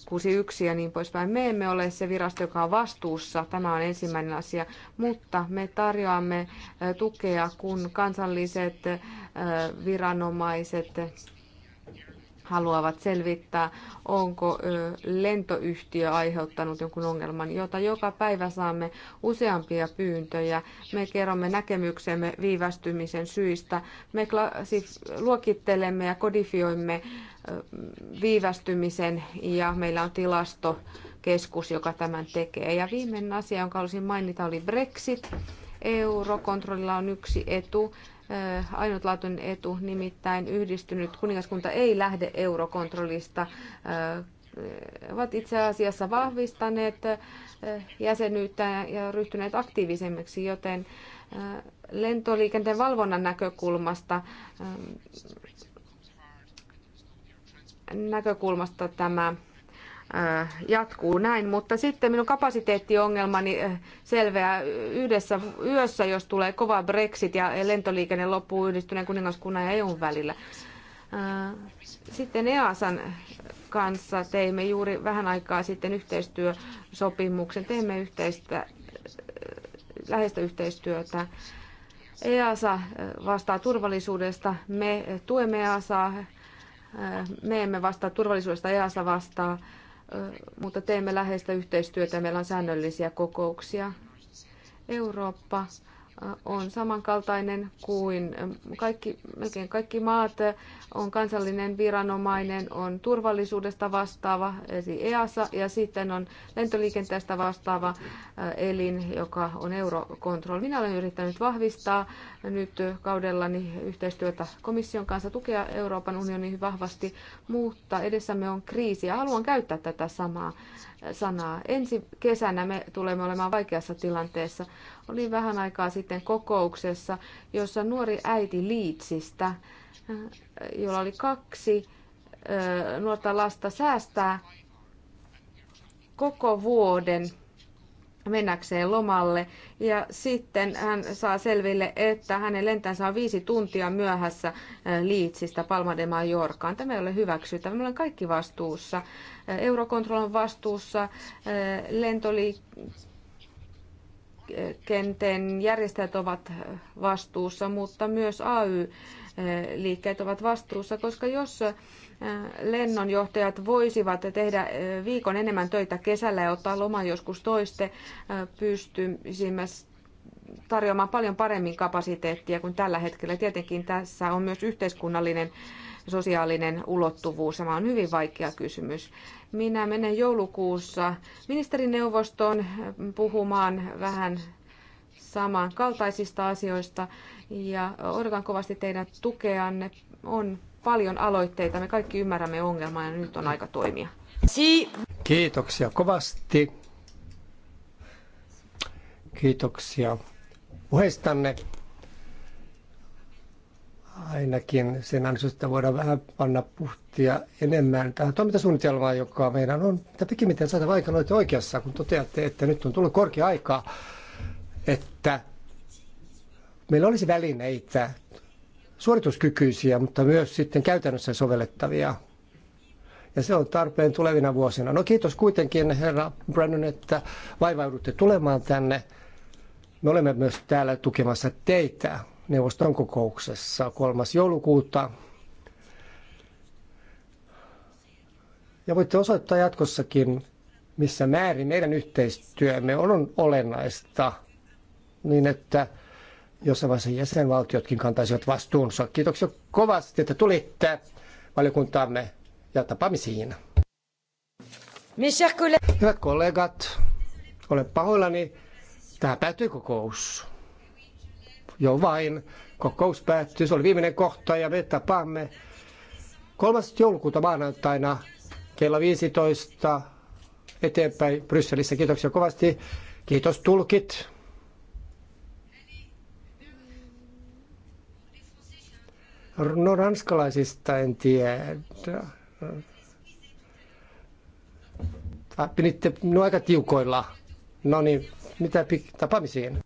61 ja niin poispäin. Me emme ole se virasto, joka on vastuussa. Tämä on ensimmäinen asia. Mutta me tarjoamme tukea, kun kansalliset viranomaiset haluavat selvittää, onko lentoyhtiö aiheuttanut jonkun ongelman, jota joka päivä saamme useampia pyyntöjä. Me kerromme näkemyksemme viivästymisen syistä, me luokittelemme ja kodifioimme viivästymisen ja meillä on tilastokeskus, joka tämän tekee. Ja viimeinen asia, jonka halusin mainita, oli Brexit. Eurokontrollilla on yksi etu, äh, ainutlaatuinen etu, nimittäin yhdistynyt kuningaskunta ei lähde eurokontrollista äh, ovat itse asiassa vahvistaneet äh, jäsenyyttä ja ryhtyneet aktiivisemmiksi, joten lentoliikenteen valvonnan näkökulmasta ähm, näkökulmasta tämä jatkuu näin, mutta sitten minun kapasiteettiongelmani selveää yhdessä yössä, jos tulee kova Brexit ja lentoliikenne loppuu yhdistyneen kuningaskunnan ja EUn välillä. Sitten EASan kanssa teimme juuri vähän aikaa sitten yhteistyösopimuksen. Teimme yhteistä, läheistä yhteistyötä. EASA vastaa turvallisuudesta. Me tuemme EASAa me emme vastaa turvallisuudesta, EASA vastaa, mutta teemme läheistä yhteistyötä. Meillä on säännöllisiä kokouksia. Eurooppa on samankaltainen kuin kaikki, melkein kaikki maat. On kansallinen viranomainen, on turvallisuudesta vastaava, eli EASA, ja sitten on lentoliikenteestä vastaava elin, joka on Eurocontrol. Minä olen yrittänyt vahvistaa nyt kaudella niin yhteistyötä komission kanssa tukea Euroopan unionin vahvasti, mutta edessämme on kriisi ja haluan käyttää tätä samaa sanaa. Ensi kesänä me tulemme olemaan vaikeassa tilanteessa. Olin vähän aikaa sitten kokouksessa, jossa nuori äiti Liitsistä, jolla oli kaksi nuorta lasta, säästää koko vuoden mennäkseen lomalle. Ja sitten hän saa selville, että hänen lentänsä on viisi tuntia myöhässä eh, Liitsistä Palma de Mallorcaan. Tämä ei ole hyväksyttävä. Me olemme kaikki vastuussa. Eh, Eurocontrol on vastuussa. Eh, lentoliikenteen järjestäjät ovat vastuussa, mutta myös AY-liikkeet ovat vastuussa, koska jos lennonjohtajat voisivat tehdä viikon enemmän töitä kesällä ja ottaa lomaa, joskus toiste, pystyisimme tarjoamaan paljon paremmin kapasiteettia kuin tällä hetkellä. Tietenkin tässä on myös yhteiskunnallinen sosiaalinen ulottuvuus. Tämä on hyvin vaikea kysymys. Minä menen joulukuussa ministerineuvostoon puhumaan vähän samankaltaisista asioista ja odotan kovasti teidän tukeanne. On paljon aloitteita. Me kaikki ymmärrämme ongelmaa ja nyt on aika toimia. Kiitoksia kovasti. Kiitoksia puheestanne. Ainakin sen ansiosta voidaan vähän panna puhtia enemmän tähän toimintasuunnitelmaan, joka meidän on mitä pikimmiten saada aikana olette oikeassa, kun toteatte, että nyt on tullut korkea aika, että meillä olisi välineitä suorituskykyisiä, mutta myös sitten käytännössä sovellettavia. Ja se on tarpeen tulevina vuosina. No kiitos kuitenkin, herra Brennan, että vaivaudutte tulemaan tänne. Me olemme myös täällä tukemassa teitä neuvoston kokouksessa 3. joulukuuta. Ja voitte osoittaa jatkossakin, missä määrin meidän yhteistyömme on olennaista, niin että jossain vaiheessa jäsenvaltiotkin kantaisivat vastuunsa. Kiitoksia kovasti, että tulitte valiokuntaamme ja tapaamisiin. Hyvät kollegat, olen pahoillani. Tämä päättyi kokous. Jo vain. Kokous päättyi. Se oli viimeinen kohta ja me tapaamme 3. joulukuuta maanantaina kello 15 eteenpäin Brysselissä. Kiitoksia kovasti. Kiitos tulkit. No ranskalaisista en tiedä. Äh, pinitte no aika tiukoilla. No niin, mitä tapaamisiin?